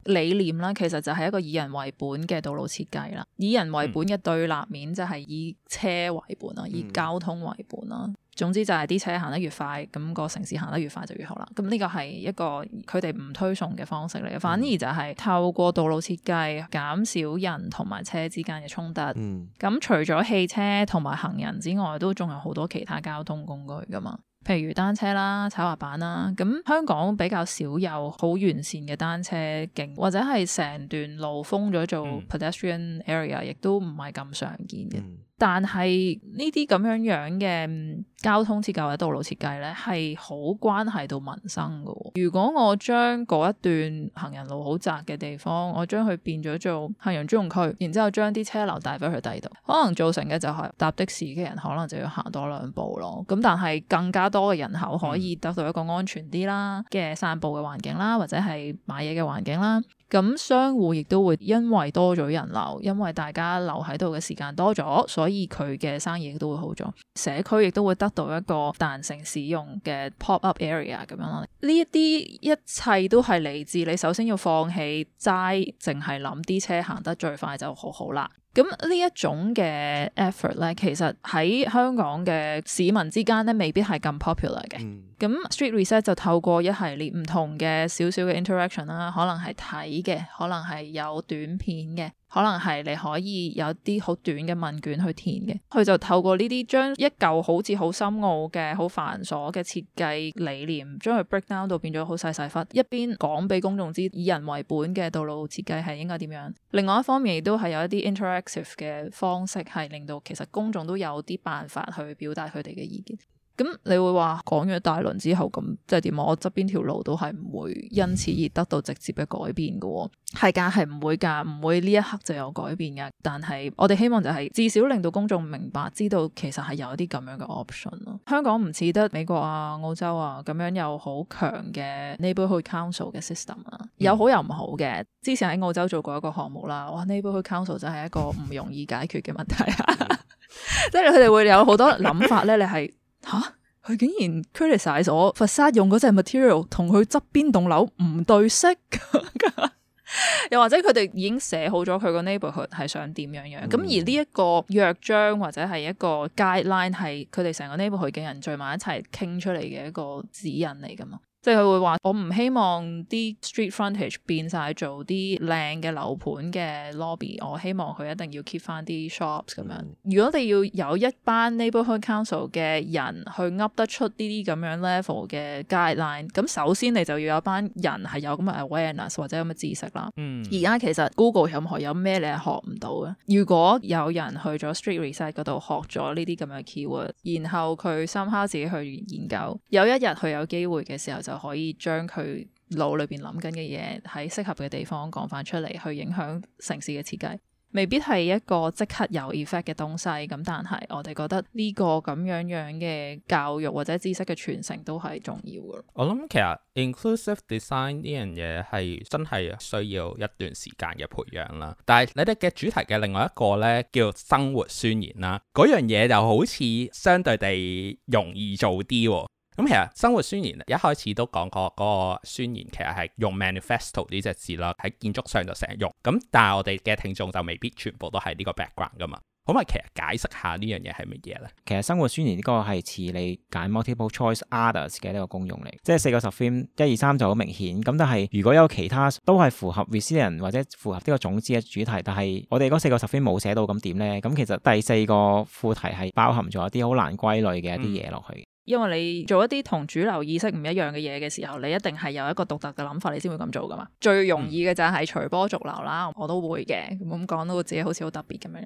Speaker 3: 個理念啦，其實就係一個以人為本嘅道路設計啦，以人為本嘅對立面就係以車為本啊，嗯、以交通為本啊。總之就係啲車行得越快，咁個城市行得越快就越好啦。咁呢個係一個佢哋唔推崇嘅方式嚟嘅，反而就係透過道路設計減少人同埋車之間嘅衝突。咁、嗯、除咗汽車同埋行人之外，都仲有好多其他交通工具噶嘛，譬如單車啦、踩滑板啦。咁香港比較少有好完善嘅單車徑，或者係成段路封咗做 pedestrian area，亦、嗯、都唔係咁常見嘅。嗯嗯。但係呢啲咁樣樣嘅交通設計或者道路設計咧，係好關係到民生嘅。如果我將嗰一段行人路好窄嘅地方，我將佢變咗做行人專用區，然之後將啲車流帶翻去第二度，可能造成嘅就係、是、搭的士嘅人可能就要行多兩步咯。咁但係更加多嘅人口可以得到一個安全啲啦嘅散步嘅環境啦，嗯、或者係買嘢嘅環境啦。咁商戶亦都會因為多咗人流，因為大家留喺度嘅時間多咗，所以佢嘅生意亦都會好咗。社區亦都會得到一個彈性使用嘅 pop up area 咁樣咯。呢一啲一切都係嚟自你首先要放棄，齋淨係諗啲車行得最快就好好啦。咁呢一種嘅 effort 咧，其實喺香港嘅市民之間咧，未必係咁 popular 嘅。咁、嗯、street research 就透過一系列唔同嘅少少嘅 interaction 啦、啊，可能係睇嘅，可能係有短片嘅。可能係你可以有啲好短嘅問卷去填嘅，佢就透過呢啲將一嚿好似好深奧嘅、好繁瑣嘅設計理念，將佢 break down 到變咗好細細忽，一邊講俾公眾知以人為本嘅道路設計係應該點樣，另外一方面亦都係有一啲 interactive 嘅方式，係令到其實公眾都有啲辦法去表達佢哋嘅意見。咁你會話講咗大輪之後咁即係點啊？我側邊條路都係唔會因此而得到直接嘅改變嘅喎。係噶，係唔會噶，唔會呢一刻就有改變嘅。但係我哋希望就係至少令到公眾明白，知道其實係有一啲咁樣嘅 option 咯。香港唔似得美國啊、澳洲啊咁樣有好強嘅 neighborhood council 嘅 system 啊，有好有唔好嘅。之前喺澳洲做過一個項目啦，哇，neighborhood council 真係一個唔容易解決嘅問題啊！即係佢哋會有好多諗法咧，你係。吓！佢竟然 criticise 咗，facade 用嗰隻 material 同佢側邊棟樓唔對色咁噶，又 或者佢哋已經寫好咗佢個 neighborhood 係想點樣樣咁，嗯、而呢一個約章或者係一個 guideline 係佢哋成個 neighborhood 嘅人聚埋一齊傾出嚟嘅一個指引嚟噶嘛？即係佢會話，我唔希望啲 street frontage 變晒做啲靚嘅樓盤嘅 lobby。我希望佢一定要 keep 翻啲 shops 咁樣。Mm hmm. 如果你要有一班 neighborhood council 嘅人去噏得出呢啲咁樣 level 嘅 guideline，咁首先你就要有班人係有咁嘅 awareness 或者咁嘅知識啦。而家、mm hmm. 其實 Google 任何有咩你係學唔到嘅。如果有人去咗 street reset 嗰度學咗呢啲咁嘅 keyword，然後佢 somehow 自己去研究，有一日佢有機會嘅時候就。就可以將佢腦裏邊諗緊嘅嘢喺適合嘅地方講翻出嚟，去影響城市嘅設計，未必係一個即刻有 effect 嘅東西。咁但係我哋覺得呢個咁樣樣嘅教育或者知識嘅傳承都係重要嘅。
Speaker 1: 我諗其實 inclusive design 呢樣嘢係真係需要一段時間嘅培養啦。但係你哋嘅主題嘅另外一個呢，叫生活宣言啦，嗰樣嘢就好似相對地容易做啲。咁其實生活宣言一開始都講過嗰個宣言，其實係用 manifesto 呢隻字啦。喺建築上就成日用。咁但係我哋嘅聽眾就未必全部都係呢個 background 噶嘛。可唔可以其實解釋下呢樣嘢係乜嘢咧？
Speaker 4: 其實生活宣言呢個係似你解 multiple choice others 嘅呢個功用嚟，即係四個十分，一二三就好明顯。咁但係如果有其他都係符合 resilience 或者符合呢個種子嘅主題，但係我哋嗰四個十分冇寫到咁點咧？咁其實第四個副題係包含咗一啲好難歸類嘅一啲嘢落去。
Speaker 3: 因為你做一啲同主流意識唔一樣嘅嘢嘅時候，你一定係有一個獨特嘅諗法，你先會咁做噶嘛。最容易嘅就係隨波逐流啦，我都會嘅，冇咁講到自己好似好特別咁樣。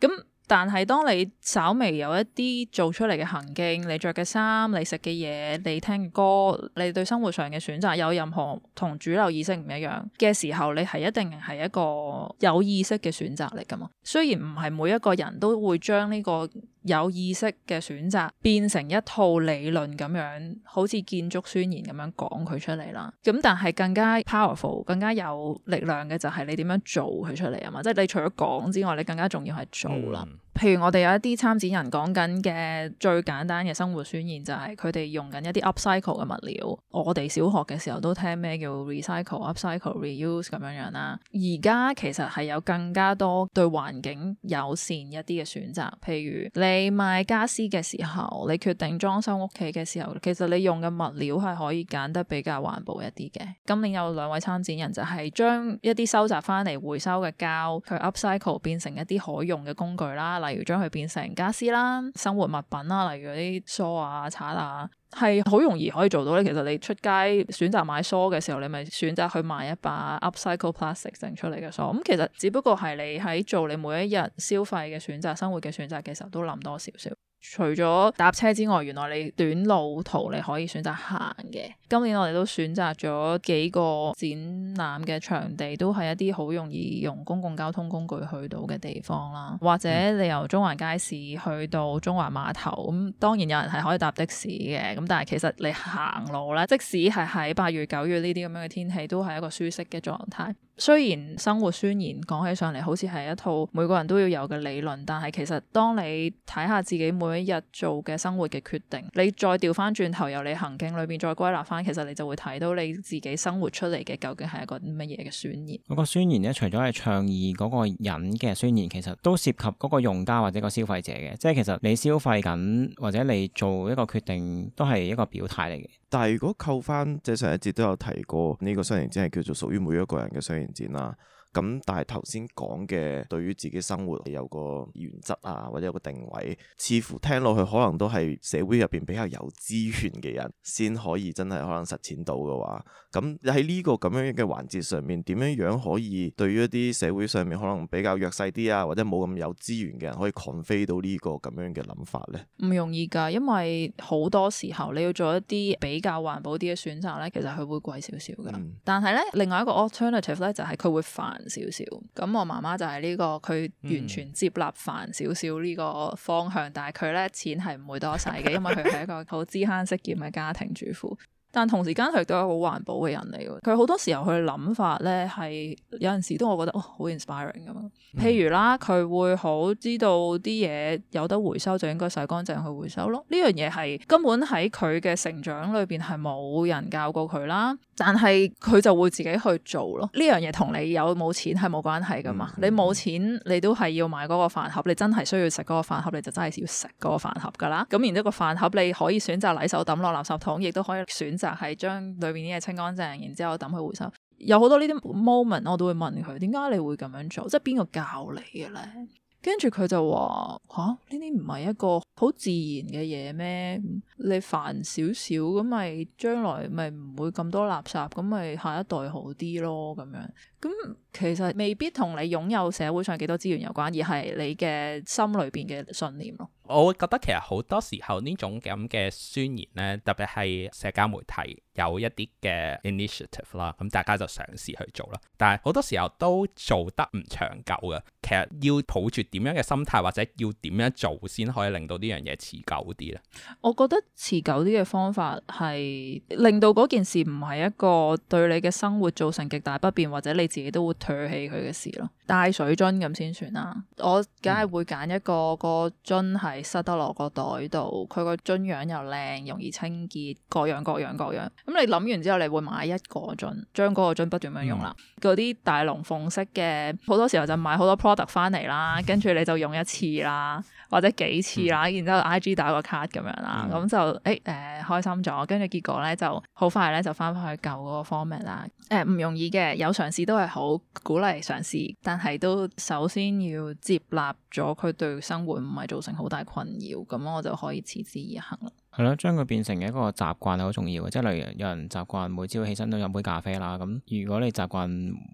Speaker 3: 咁但係當你稍微有一啲做出嚟嘅行徑，你着嘅衫，你食嘅嘢，你聽嘅歌，你對生活上嘅選擇有任何同主流意識唔一樣嘅時候，你係一定係一個有意識嘅選擇嚟噶嘛。雖然唔係每一個人都會將呢個。有意識嘅選擇變成一套理論咁樣，好似建築宣言咁樣講佢出嚟啦。咁但係更加 powerful、更加有力量嘅就係你點樣做佢出嚟啊嘛！嗯、即係你除咗講之外，你更加重要係做啦。嗯譬如我哋有一啲參展人講緊嘅最簡單嘅生活宣言就係佢哋用緊一啲 upcycle 嘅物料。我哋小學嘅時候都聽咩叫 recycle、upcycle、reuse 咁樣樣啦。而家其實係有更加多對環境友善一啲嘅選擇。譬如你賣傢俬嘅時候，你決定裝修屋企嘅時候，其實你用嘅物料係可以揀得比較環保一啲嘅。今年有兩位參展人就係將一啲收集翻嚟回收嘅膠佢 upcycle 變成一啲可用嘅工具啦。例如將佢變成家私啦、生活物品啦，例如嗰啲梳啊、鏟啊，係好容易可以做到咧。其實你出街選擇買梳嘅時候，你咪選擇去買一把 upcycle plastic 整出嚟嘅梳。咁、嗯、其實只不過係你喺做你每一日消費嘅選擇、生活嘅選擇嘅時候，都諗多少少。除咗搭車之外，原來你短路途你可以選擇行嘅。今年我哋都選擇咗幾個展覽嘅場地，都係一啲好容易用公共交通工具去到嘅地方啦。或者你由中環街市去到中環碼頭，咁、嗯、當然有人係可以搭的士嘅。咁但係其實你行路咧，即使係喺八月、九月呢啲咁樣嘅天氣，都係一個舒適嘅狀態。雖然生活宣言講起上嚟好似係一套每個人都要有嘅理論，但係其實當你睇下自己每一日做嘅生活嘅決定，你再調翻轉頭，由你行徑裏邊再歸納翻。其實你就會睇到你自己生活出嚟嘅究竟係一個乜嘢嘅宣言。
Speaker 4: 嗰個宣言咧，除咗係倡議嗰個人嘅宣言，其實都涉及嗰個用家或者個消費者嘅，即係其實你消費緊或者你做一個決定都係一個表態嚟嘅。
Speaker 2: 但係如果扣翻，即係上一節都有提過，呢、這個雙年展係叫做屬於每一個人嘅雙年展啦。咁但係頭先講嘅對於自己生活有個原則啊，或者有個定位，似乎聽落去可能都係社會入邊比較有資源嘅人先可以真係可能實踐到嘅話，咁喺呢個咁樣嘅環節上面，點樣樣可以對於一啲社會上面可能比較弱勢啲啊，或者冇咁有資源嘅人可以 confide 到呢個咁樣嘅諗法咧？
Speaker 3: 唔容易㗎，因為好多時候你要做一啲比較環保啲嘅選擇咧，其實佢會貴少少㗎。嗯、但係咧，另外一個 alternative 咧就係佢會煩。少少，咁我媽媽就係呢、這個佢完全接納繁少少呢個方向，嗯、但係佢咧錢係唔會多使嘅，因為佢係一個好知慳識儉嘅家庭主婦。但同時間佢都係好環保嘅人嚟嘅，佢好多時候佢諗法咧係有陣時都我覺得哦好 inspiring 咁啊。譬如啦，佢會好知道啲嘢有得回收就應該洗乾淨去回收咯。呢樣嘢係根本喺佢嘅成長裏邊係冇人教過佢啦，但係佢就會自己去做咯。呢樣嘢同你有冇錢係冇關係噶嘛？嗯、你冇錢你都係要買嗰個飯盒，你真係需要食嗰個飯盒，你就真係要食嗰個飯盒噶啦。咁然之後個飯盒你可以選擇攋手抌落垃圾桶，亦都可以選。就係將裏面啲嘢清乾淨，然之後抌佢回收，有好多呢啲 moment，我都會問佢：點解你會咁樣做？即係邊個教你嘅咧？跟住佢就話：吓呢啲唔係一個好自然嘅嘢咩？你煩少少咁，咪將來咪唔會咁多垃圾，咁咪下一代好啲咯，咁樣。咁其實未必同你擁有社會上幾多資源有關，而係你嘅心裏邊嘅信念咯。
Speaker 1: 我覺得其實好多時候呢種咁嘅宣言咧，特別係社交媒體有一啲嘅 initiative 啦，咁、嗯、大家就嘗試去做啦。但係好多時候都做得唔長久嘅。其實要抱住點樣嘅心態或者要點樣做先可以令到呢樣嘢持久啲咧？
Speaker 3: 我覺得持久啲嘅方法係令到嗰件事唔係一個對你嘅生活造成極大不便，或者你。自己都會唾棄佢嘅事咯，帶水樽咁先算啦。我梗係會揀一個、嗯、一個樽係塞得落個袋度，佢個樽樣又靚，容易清潔，各樣各樣各樣各樣。咁你諗完之後，你會買一個樽，將嗰個樽不斷咁樣用啦。嗰啲大龍鳳式嘅，好多時候就買好多 product 翻嚟啦，跟住你就用一次啦，或者幾次啦，然之後 IG 打個 card 咁樣啦，咁就誒誒開心咗。跟住結果咧，就好快咧就翻返去舊嗰個 formula 啦。誒、呃、唔容易嘅，有嘗試都係。好鼓勵嘗試，但係都首先要接納咗佢對生活唔係造成好大困擾，咁我就可以持之以恆。
Speaker 4: 係咯，將佢變成一個習慣係好重要嘅，即係例如有人習慣每朝起身都飲杯咖啡啦。咁如果你習慣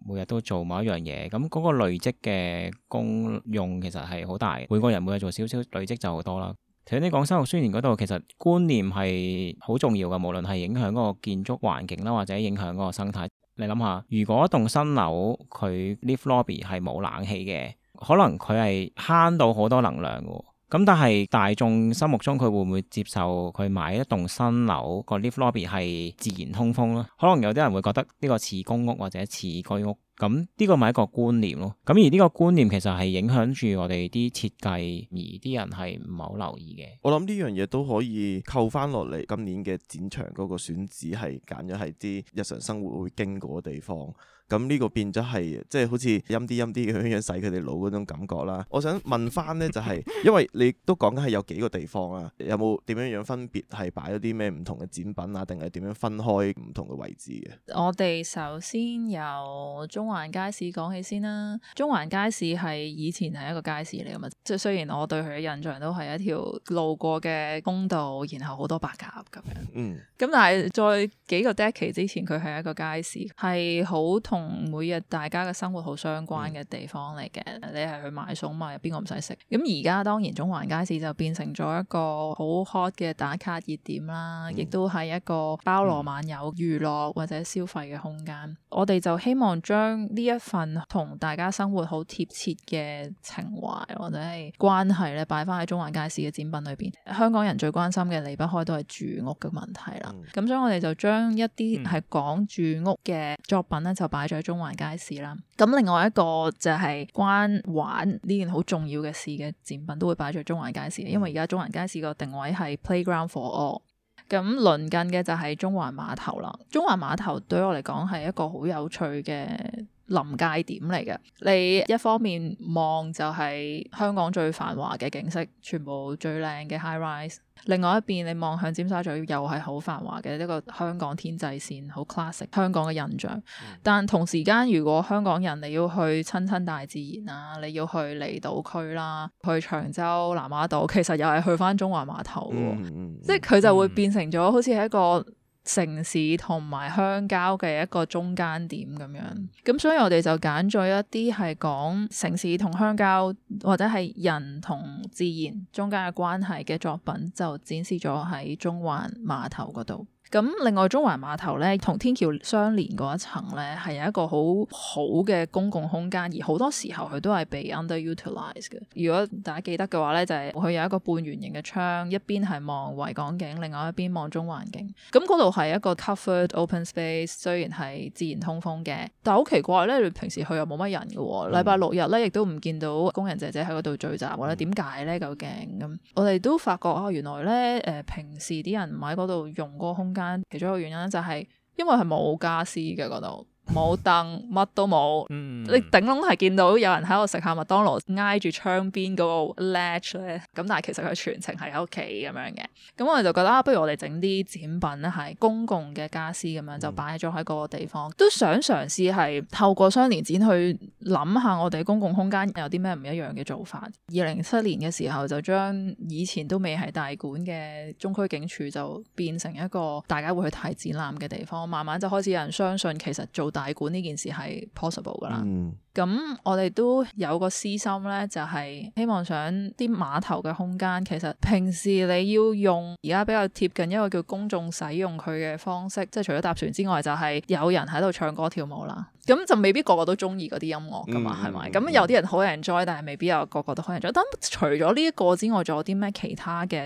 Speaker 4: 每日都做某一樣嘢，咁嗰個累積嘅功用其實係好大。每個人每日做少少累積就好多啦。頭先你講生活宣言嗰度，中文 Subs, 其實觀念係好重要嘅，無論係影響嗰個建築環境啦，或者影響嗰個生態。你諗下，如果一棟新樓佢 lift lobby 係冇冷氣嘅，可能佢係慳到好多能量噶。咁但係大眾心目中佢會唔會接受佢買一棟新樓個 lift lobby 係自然通風咧？可能有啲人會覺得呢個似公屋或者似居屋。咁呢個咪一個觀念咯，咁而呢個觀念其實係影響住我哋啲設計，而
Speaker 2: 啲人係唔係好留意嘅。我諗呢樣嘢都可以扣翻落嚟，今年嘅展場嗰個選址係揀咗係啲日常生活會經過嘅地方。咁呢個變咗係即係好似陰啲陰啲咁樣樣洗佢哋腦嗰種感覺啦。我想問翻咧，就係、是、因為你都講緊係有幾個地方啊，有冇點樣樣分別係擺咗啲咩唔同嘅展品啊，定係點樣分開唔同嘅位置嘅？
Speaker 3: 我哋首先由中環街市講起先啦。中環街市係以前係一個街市嚟嘅嘛。即係雖然我對佢嘅印象都係一條路過嘅公道，然後好多白鴿咁樣。嗯。咁但係在幾個 decade 之前，佢係一個街市，係好同。每日大家嘅生活好相關嘅地方嚟嘅，你係去買餸買入邊個唔使食？咁而家當然中環街市就變成咗一個好 hot 嘅打卡熱點啦，亦都係一個包羅萬有娛樂或者消費嘅空間。嗯、我哋就希望將呢一份同大家生活好貼切嘅情懷或者係關係咧，擺翻喺中環街市嘅展品裏邊。香港人最關心嘅離不開都係住屋嘅問題啦。咁、嗯、所以我哋就將一啲係講住屋嘅作品咧，就擺。在中環街市啦，咁另外一個就係關玩呢件好重要嘅事嘅展品都會擺在中環街市，因為而家中環街市個定位係 playground for all，咁鄰近嘅就係中環碼頭啦。中環碼頭對於我嚟講係一個好有趣嘅。臨界點嚟嘅，你一方面望就係香港最繁華嘅景色，全部最靚嘅 high rise，另外一邊你望向尖沙咀又係好繁華嘅一個香港天際線，好 classic 香港嘅印象。嗯、但同時間，如果香港人你要去親親大自然啊，你要去離島區啦，去長洲、南丫島，其實又係去返中環碼頭，嗯嗯、即係佢就會變成咗好似係一個。城市同埋鄉郊嘅一個中間點咁樣，咁所以我哋就揀咗一啲係講城市同鄉郊，或者係人同自然中間嘅關係嘅作品，就展示咗喺中環碼頭嗰度。咁另外中環碼頭咧，同天橋相連嗰一層咧，係有一個好好嘅公共空間，而好多時候佢都係被 underutilised 嘅。如果大家記得嘅話咧，就係、是、佢有一個半圓形嘅窗，一邊係望維港景，另外一邊望中環境。咁嗰度係一個 covered open space，雖然係自然通風嘅，但係好奇怪咧，你平時去又冇乜人嘅喎、哦。禮拜、嗯、六日咧，亦都唔見到工人姐姐喺嗰度聚集嘅。點解咧？究竟咁，嗯、我哋都發覺啊、哦，原來咧誒、呃，平時啲人唔喺嗰度用嗰個空間。間，其中一個原因呢，就係因為佢冇家私嘅嗰度。冇凳，乜都冇。嗯、你頂籠係見到有人喺度食下麥當勞，捱住窗邊嗰個 ledge 咧。咁但係其實佢全程係喺屋企咁樣嘅。咁我哋就覺得、啊、不如我哋整啲展品咧，係公共嘅家私咁樣，就擺咗喺個地方。嗯、都想嘗試係透過雙年展去諗下我哋公共空間有啲咩唔一樣嘅做法。二零零七年嘅時候就將以前都未係大館嘅中區警署就變成一個大家會去睇展覽嘅地方。慢慢就開始有人相信，其實做得。大管呢件事係 possible 㗎啦。嗯。咁我哋都有個私心咧，就係、是、希望想啲碼頭嘅空間，其實平時你要用而家比較貼近一個叫公眾使用佢嘅方式，即係除咗搭船之外，就係、是、有人喺度唱歌跳舞啦。咁就未必個個都中意嗰啲音樂㗎嘛，係咪、嗯？咁有啲人好 enjoy，但係未必又個個都好 enjoy。咁除咗呢一個之外，仲有啲咩其他嘅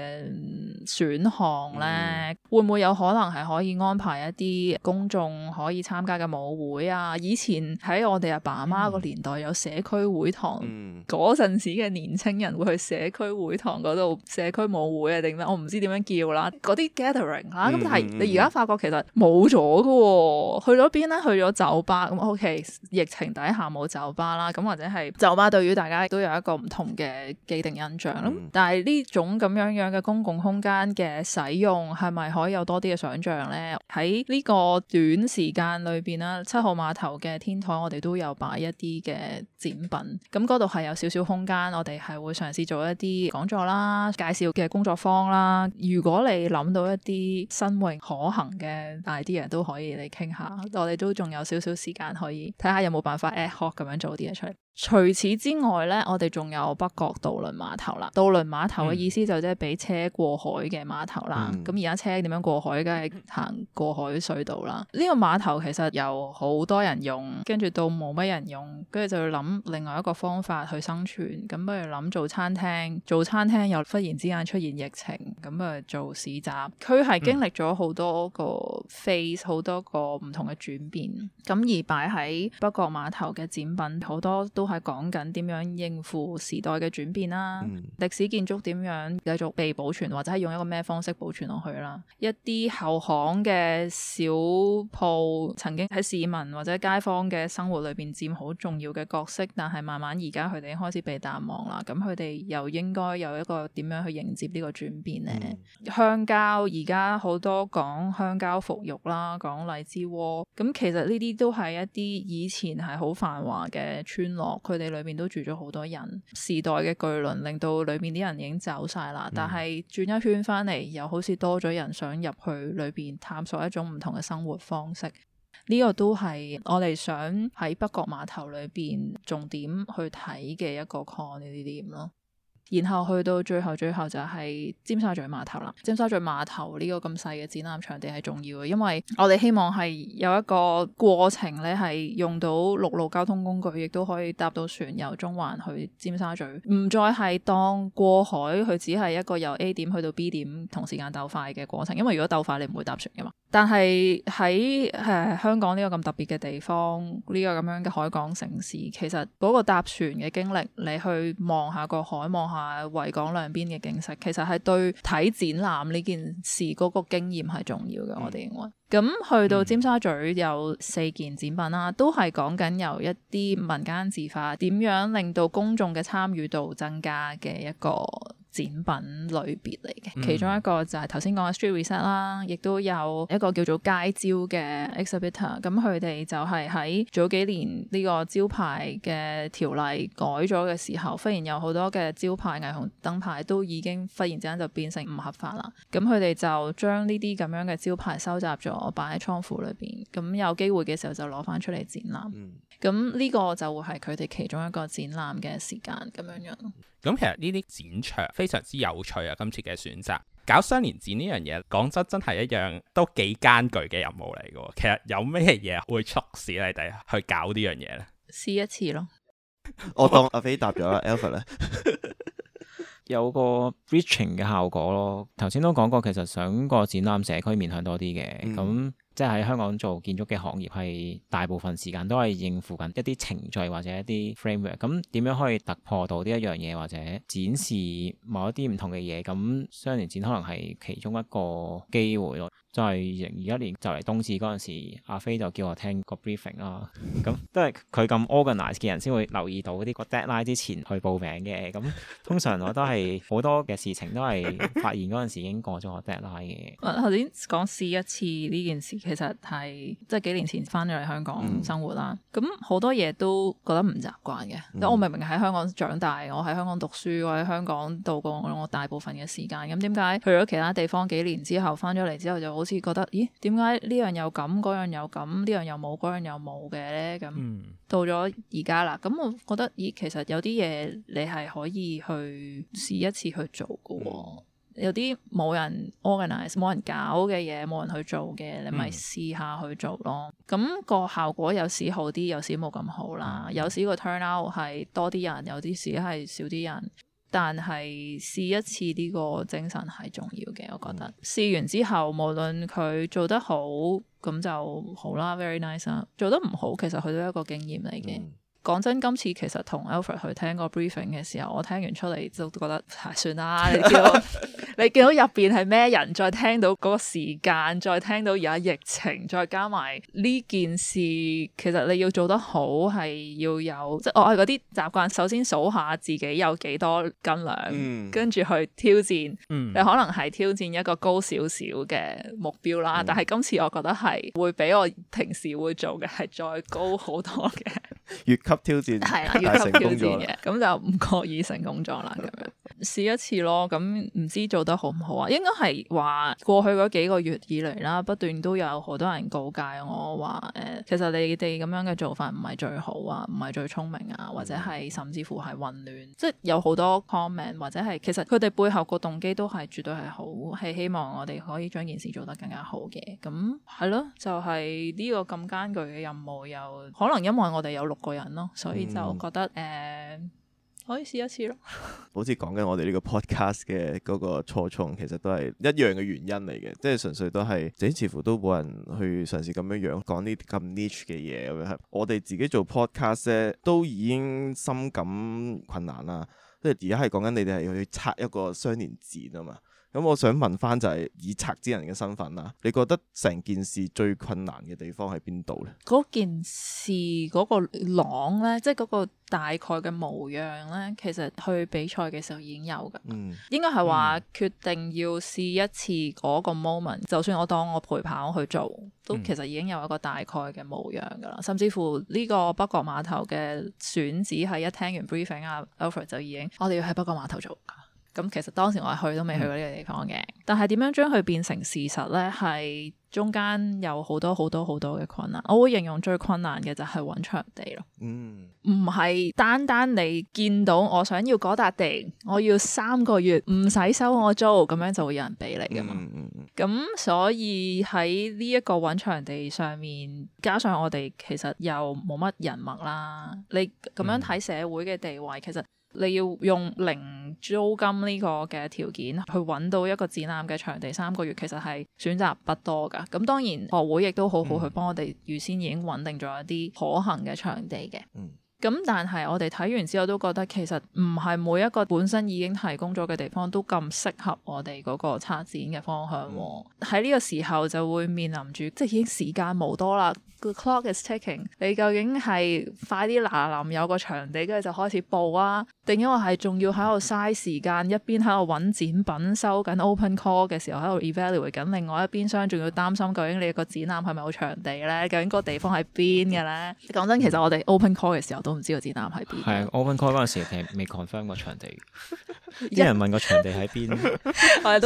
Speaker 3: 選項咧？嗯、會唔會有可能係可以安排一啲公眾可以參加嘅舞會啊？以前喺我哋阿爸阿媽年代有社區會堂嗰陣、嗯、時嘅年輕人會去社區會堂嗰度社區舞會啊定咩？我唔知點樣叫啦，嗰啲 gathering 啦、啊。咁但係你而家發覺其實冇咗嘅，去咗邊咧？去咗酒吧咁 OK，疫情底下冇酒吧啦。咁或者係酒吧對於大家都有一個唔同嘅既定印象啦。嗯、但係呢種咁樣樣嘅公共空間嘅使用係咪可以有多啲嘅想像咧？喺呢個短時間裏邊啦，七號碼頭嘅天台我哋都有擺一啲嘅展品，咁嗰度係有少少空間，我哋係會嘗試做一啲講座啦，介紹嘅工作坊啦。如果你諗到一啲新穎可行嘅 idea 都可以嚟傾下，我哋都仲有少少時間可以睇下有冇辦法 ad hoc 咁樣做啲嘢出嚟。除此之外咧，我哋仲有北角渡輪碼頭啦。渡輪碼頭嘅意思就即係俾車過海嘅碼頭啦。咁而家車點樣過海，梗係行過海隧道啦。呢個碼頭其實由好多人用，跟住到冇乜人用，跟住就要諗另外一個方法去生存。咁不如諗做餐廳，做餐廳又忽然之間出現疫情，咁啊做市集。佢係經歷咗好多個 phase，好多個唔同嘅轉變。咁而擺喺北角碼頭嘅展品，好多都～都係講緊點樣應付時代嘅轉變啦、啊、歷、嗯、史建築點樣繼續被保存，或者係用一個咩方式保存落去啦？一啲後巷嘅小鋪，曾經喺市民或者街坊嘅生活裏邊佔好重要嘅角色，但係慢慢而家佢哋開始被淡忘啦。咁佢哋又應該有一個點樣去迎接呢個轉變咧？嗯、鄉郊而家好多講鄉郊復育啦，講荔枝窩，咁其實呢啲都係一啲以前係好繁華嘅村落。佢哋裏面都住咗好多人，時代嘅巨輪令到裏面啲人已經走晒啦。嗯、但係轉一圈翻嚟，又好似多咗人想入去裏邊探索一種唔同嘅生活方式。呢、呢個都係我哋想喺北角碼頭裏邊重點去睇嘅一個概念咯。然後去到最後，最後就係尖沙咀碼頭啦。尖沙咀碼頭呢個咁細嘅展覽場地係重要嘅，因為我哋希望係有一個過程咧，係用到陸路交通工具，亦都可以搭到船由中環去尖沙咀，唔再係當過海，佢只係一個由 A 點去到 B 點同時間鬥快嘅過程。因為如果鬥快，你唔會搭船㗎嘛。但係喺誒香港呢個咁特別嘅地方，呢個咁樣嘅海港城市，其實嗰個搭船嘅經歷，你去望下個海，望下。啊，維港兩邊嘅景色，其實係對睇展覽呢件事嗰個經驗係重要嘅，我哋認為。咁、嗯、去到尖沙咀有四件展品啦，都係講緊由一啲民間自發，點樣令到公眾嘅參與度增加嘅一個。展品類別嚟嘅，嗯、其中一個就係頭先講嘅 Street Reset 啦，亦都有一個叫做街招嘅 exhibitor。咁佢哋就係喺早幾年呢個招牌嘅條例改咗嘅時候，忽然有好多嘅招牌霓虹燈牌都已經忽然之間就變成唔合法啦。咁佢哋就將呢啲咁樣嘅招牌收集咗，擺喺倉庫裏邊。咁有機會嘅時候就攞翻出嚟展覽。咁呢、嗯、個就會係佢哋其中一個展覽嘅時間咁樣樣。
Speaker 1: 咁其實呢啲展場非常之有趣啊！今次嘅選擇搞雙年展呢樣嘢，講真真係一樣都幾艱巨嘅任務嚟嘅。其實有咩嘢會促使你哋去搞呢樣嘢呢？
Speaker 3: 試一次咯！
Speaker 1: 我
Speaker 3: 當
Speaker 2: 阿飛答咗啦，Alpha 咧，
Speaker 4: 有個 breaching 嘅效果咯。頭先都講過，其實想個展覽社區面向多啲嘅咁。嗯即係喺香港做建築嘅行業，係大部分時間都係應付緊一啲程序或者一啲 framework。咁點樣可以突破到呢一樣嘢，或者展示某一啲唔同嘅嘢？咁雙年展可能係其中一個機會咯。就係二一年就嚟冬至陣時阿飛就叫我聽個 briefing 啦。咁都係佢咁 organize 嘅人先會留意到啲 deadline 之前去報名嘅。咁通常我都係好多嘅事情都係發現陣時已經過咗個 deadline
Speaker 3: 嘅。頭先講試一次呢件事。其實係即係幾年前翻咗嚟香港生活啦，嗯、咁好多嘢都覺得唔習慣嘅。嗯、即係我明明喺香港長大，我喺香港讀書，我喺香港度過我大部分嘅時間。咁點解去咗其他地方幾年之後，翻咗嚟之後就好似覺得，咦？點解呢樣又咁，嗰樣又咁，呢樣又冇，嗰樣又冇嘅咧？咁到咗而家啦，咁我覺得咦，其實有啲嘢你係可以去試一次去做噶。嗯有啲冇人 organize，冇人搞嘅嘢，冇人去做嘅，你咪試下去做咯。咁、嗯、個效果有時好啲，有時冇咁好啦。有時個 turnout 係多啲人，有啲時係少啲人。但係試一次呢個精神係重要嘅，我覺得。嗯、試完之後，無論佢做得好，咁就好啦。Very nice 啦。做得唔好，其實佢都係一個經驗嚟嘅。嗯講真，今次其實同 Alfred 去聽個 briefing 嘅時候，我聽完出嚟就都覺得、哎、算啦。你見到 你見到入邊係咩人？再聽到嗰個時間，再聽到而家疫情，再加埋呢件事，其實你要做得好係要有即係我係嗰啲習慣。首先數下自己有幾多斤兩，嗯、跟住去挑戰。嗯、你可能係挑戰一個高少少嘅目標啦。嗯、但係今次我覺得係會比我平時會做嘅係再高好多嘅
Speaker 2: 越級級挑戰係啦、 啊，越級挑
Speaker 3: 戰嘅，咁 就唔覺意成功咗啦。咁樣試一次咯，咁唔知做得好唔好啊？應該係話過去嗰幾個月以嚟啦，不斷都有好多人告誡我話：，誒、呃，其實你哋咁樣嘅做法唔係最好啊，唔係最聰明啊，或者係甚至乎係混亂。 即係有好多 comment 或者係，其實佢哋背後個動機都係絕對係好，係希望我哋可以將件事做得更加好嘅。咁係咯，就係、是、呢個咁艱巨嘅任務有，又可能因為我哋有六個人咯。所以就覺得誒、嗯呃、可以試一次咯，
Speaker 2: 好似講緊我哋呢個 podcast 嘅嗰個初衷，其實都係一樣嘅原因嚟嘅，即、就、係、是、純粹都係，而且似乎都冇人去嘗試咁樣樣講呢啲咁 niche 嘅嘢咁樣。我哋自己做 podcast 都已經深感困難啦，即係而家係講緊你哋係要去拆一個雙年展啊嘛。咁我想問翻就係以策展人嘅身份啦，你覺得成件事最困難嘅地方喺邊度咧？
Speaker 3: 嗰件事嗰、嗰個朗咧，即係嗰個大概嘅模樣咧，其實去比賽嘅時候已經有噶，嗯、應該係話決定要試一次嗰個 moment。嗯、就算我當我陪跑去做，都其實已經有一個大概嘅模樣噶啦。嗯、甚至乎呢個北角碼頭嘅選址係一聽完 briefing 啊 Alfred 就已經，我哋要喺北角碼頭做。咁其實當時我係去都未去過呢個地方嘅，嗯、但係點樣將佢變成事實咧？係中間有好多好多好多嘅困難，我會形容最困難嘅就係揾場地咯。唔係、嗯、單單你見到我想要嗰笪地，我要三個月唔使收我租，咁樣就會有人俾你噶嘛。咁、嗯嗯嗯、所以喺呢一個揾場地上面，加上我哋其實又冇乜人脈啦。你咁樣睇社會嘅地位，嗯、其實你要用零租金呢個嘅條件去揾到一個展覽嘅場地，三個月其實係選擇不多㗎。咁當然學會亦都好好、嗯、去幫我哋預先已經穩定咗一啲可行嘅場地嘅。嗯。咁但係我哋睇完之後都覺得其實唔係每一個本身已經提供咗嘅地方都咁適合我哋嗰個策展嘅方向喎。喺呢、嗯、個時候就會面臨住即係已經時間冇多啦，the clock is ticking。你究竟係快啲嗱臨有個場地，跟住就開始報啊？定抑或係仲要喺度嘥時間，嗯、一邊喺度揾展品、收緊 open call 嘅時候喺度 evaluate 緊，另外一邊廂仲要擔心究竟你個展覽係咪有場地咧？究竟個地方喺邊嘅咧？講、嗯、真，其實我哋 open call 嘅時候都。唔知個地點喺邊？
Speaker 4: 係，open call 嗰陣時係未 confirm 個場地，
Speaker 3: 啲人問個場地喺邊，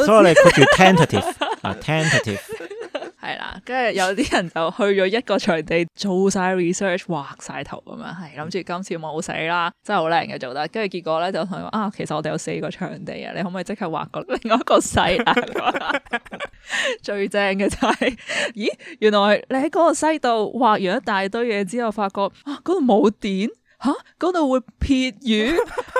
Speaker 3: 所以你講住 tentative 啊，tentative。係啦，跟住有啲人就去咗一個場地做晒 research，畫晒圖咁樣，係諗住今次冇死啦，真係好靚嘅做得。跟住結果咧就同佢話啊，其實我哋有四個場地啊，你可唔可以即刻畫個另外一個西啊？ 最正嘅就係、是，咦，原來你喺嗰個西度畫完一大堆嘢之後，發覺啊，嗰度冇電，吓、啊，嗰度會撇雨，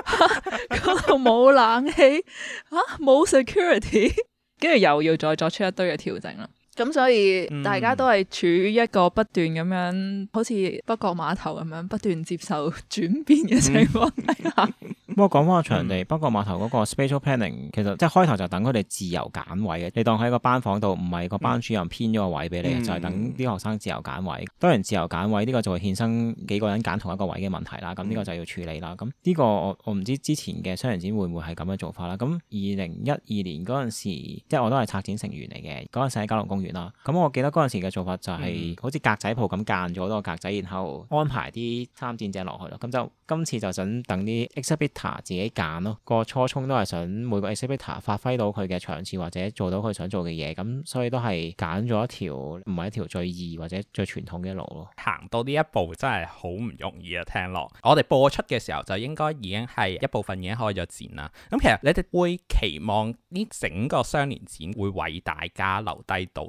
Speaker 3: 吓、啊，嗰度冇冷氣，吓、啊，冇 security，跟 住又要再作出一堆嘅調整啦。咁所以大家都係處於一個不斷咁樣、嗯、好似北角碼頭咁樣不斷接受轉變嘅情況，底下、嗯。
Speaker 4: 不過講翻個場地，嗯、北角碼頭嗰個 spatial planning 其實即係開頭就等佢哋自由揀位嘅，你當喺個班房度唔係個班主任編咗個位俾你，嗯、就係等啲學生自由揀位。嗯、當然自由揀位呢、呢個就會衍生幾個人揀同一個位嘅問題啦。咁呢個就要處理啦。咁呢個我我唔知之前嘅雙年展會唔會係咁嘅做法啦。咁二零一二年嗰陣時，即係我都係策展成員嚟嘅，嗰陣時喺九龍公園。公園。咁、嗯、我記得嗰陣時嘅做法就係、是嗯、好似格仔鋪咁間咗好多格仔，然後安排啲參戰者落去咯。咁、嗯、就今次就想等啲 exhibitor 自己揀咯。這個初衷都係想每個 exhibitor 發揮到佢嘅場次，或者做到佢想做嘅嘢。咁所以都係揀咗一條唔係一條最易或者最傳統嘅路咯。
Speaker 1: 行到呢一步真係好唔容易啊！聽落，我哋播出嘅時候就應該已經係一部分已經開咗展啦。咁其實你哋會期望呢整個雙年展會為大家留低到？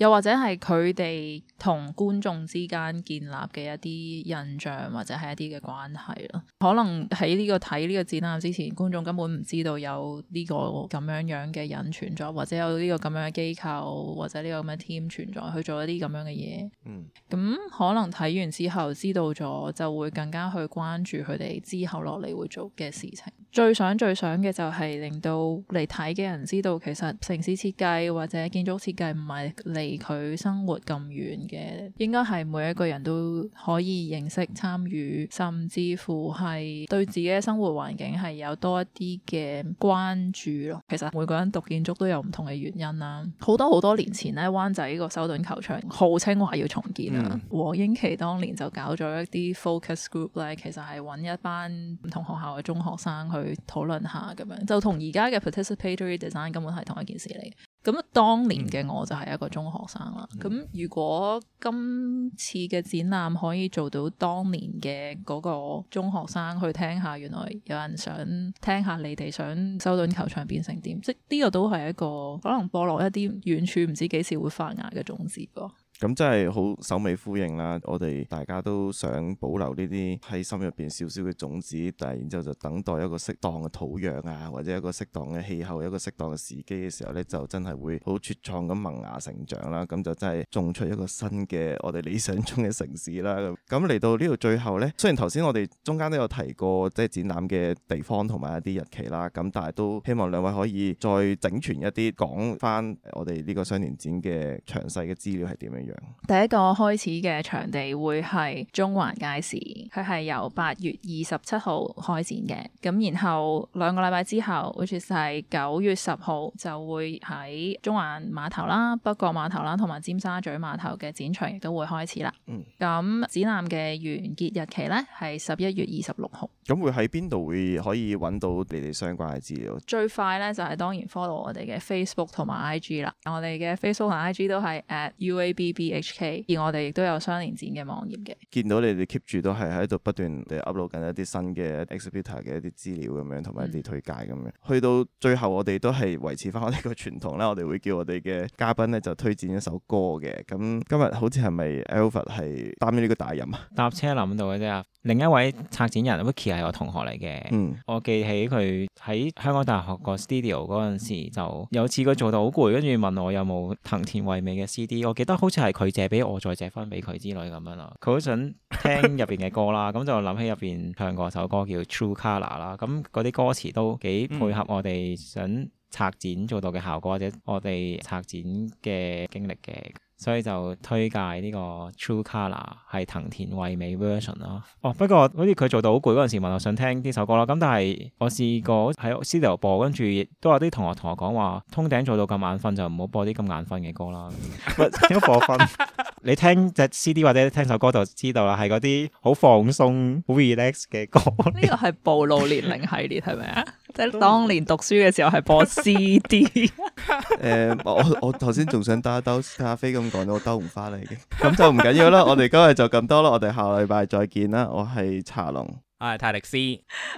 Speaker 3: 又或者係佢哋同觀眾之間建立嘅一啲印象，或者係一啲嘅關係咯。可能喺呢個睇呢個展覽之前，觀眾根本唔知道有呢個咁樣樣嘅人存在，或者有呢個咁樣嘅機構，或者呢個咁嘅 team 存在去做一啲咁樣嘅嘢。嗯，咁、嗯、可能睇完之後知道咗，就會更加去關注佢哋之後落嚟會做嘅事情。最想、最想嘅就係令到嚟睇嘅人知道，其實城市設計或者建築設計唔係你，佢生活咁遠嘅，應該係每一個人都可以認識、參與，甚至乎係對自己嘅生活環境係有多一啲嘅關注咯。其實每個人讀建築都有唔同嘅原因啦。好多好多年前咧，灣仔個修頓球場號稱話要重建啊，黃、嗯、英琦當年就搞咗一啲 focus group 咧，其實係搵一班唔同學校嘅中學生去討論下咁樣，就同而家嘅 participatory design 根本係同一件事嚟。咁當年嘅我就係一個中學生啦。咁如果今次嘅展覽可以做到當年嘅嗰個中學生去聽下，原來有人想聽下你哋想修頓球場變成點，即呢個都係一個可能播落一啲遠處唔知幾時會發芽嘅種子噃。
Speaker 2: 咁真係好首尾呼應啦！我哋大家都想保留呢啲喺心入邊少少嘅種子，但係然之後就等待一個適當嘅土壤啊，或者一個適當嘅氣候、一個適當嘅時機嘅時候呢，就真係會好茁壯咁萌芽成長啦！咁就真係種出一個新嘅我哋理想中嘅城市啦！咁嚟到呢度最後呢，雖然頭先我哋中間都有提過即係展覽嘅地方同埋一啲日期啦，咁但係都希望兩位可以再整全一啲講翻我哋呢個雙年展嘅詳細嘅資料係點樣。
Speaker 3: 第一個開始嘅場地會係中環街市，佢係由八月二十七號開展嘅，咁然後兩個禮拜之後好似係九月十號，就會喺中環碼頭啦、北角碼頭啦、同埋尖沙咀碼頭嘅展場亦都會開始啦。咁展覽嘅完結日期呢係十一月二十六號。
Speaker 2: 咁會喺邊度會可以揾到你哋相關嘅資料？
Speaker 3: 最快呢就係當然 follow 我哋嘅 Facebook 同埋 IG 啦，我哋嘅 Facebook 同 IG 都係 at UABB。BHK，而我哋亦都有雙年展嘅網頁嘅。
Speaker 2: 見到你哋 keep 住都係喺度不斷地 upload 緊一啲新嘅 exhibitor 嘅一啲資料咁樣，同埋一啲推介咁樣。去、嗯、到最後我我，我哋都係維持翻我哋個傳統咧，我哋會叫我哋嘅嘉賓咧就推薦一首歌嘅。咁今日好似係咪 Alfred 係擔呢個大任啊？
Speaker 4: 搭車諗到嘅啫啊！
Speaker 2: 另一位策
Speaker 4: 展人 Vicky 係我同學嚟嘅，嗯、我記起佢喺香港大學個 studio 嗰陣時，就有次佢做到好攰，跟住問我有冇藤田惠美嘅 CD，我記得好似係佢借俾我，再借翻俾佢之類咁樣啦。佢好想聽入邊嘅歌啦，咁 就諗起入邊唱過首歌叫 True Color 啦，咁嗰啲歌詞都幾配合我哋想策展做到嘅效果，或者我哋策展嘅經歷嘅。所以就推介呢個 True Color 係藤田惠美 version 咯。哦，不過好似佢做到好攰嗰陣時，問我想聽呢首歌咯。咁但係我試過喺 CD 度播，跟住亦都有啲同學同我講話，通頂做到咁眼瞓就唔好播啲咁眼瞓嘅歌啦。點解播瞓？你聽隻 C D 或者聽首歌就知道啦，係嗰啲好放鬆、relax 嘅歌。
Speaker 3: 呢個係暴露年齡系列係咪啊？ 喺當年讀書嘅時候係播 CD。誒、 呃，
Speaker 2: 我我頭先仲想兜一兜，睇阿飛咁講，我兜唔翻嚟嘅，咁就唔緊要啦。我哋今日就咁多啦，我哋下禮拜再見啦。我係茶龍，
Speaker 1: 我係泰力斯，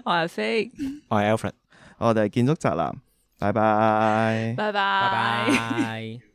Speaker 1: 我係阿
Speaker 3: 飛，
Speaker 2: 我係 Alfred， 我哋係建築宅男，拜拜，拜
Speaker 3: 拜 bye，拜拜 Bye bye。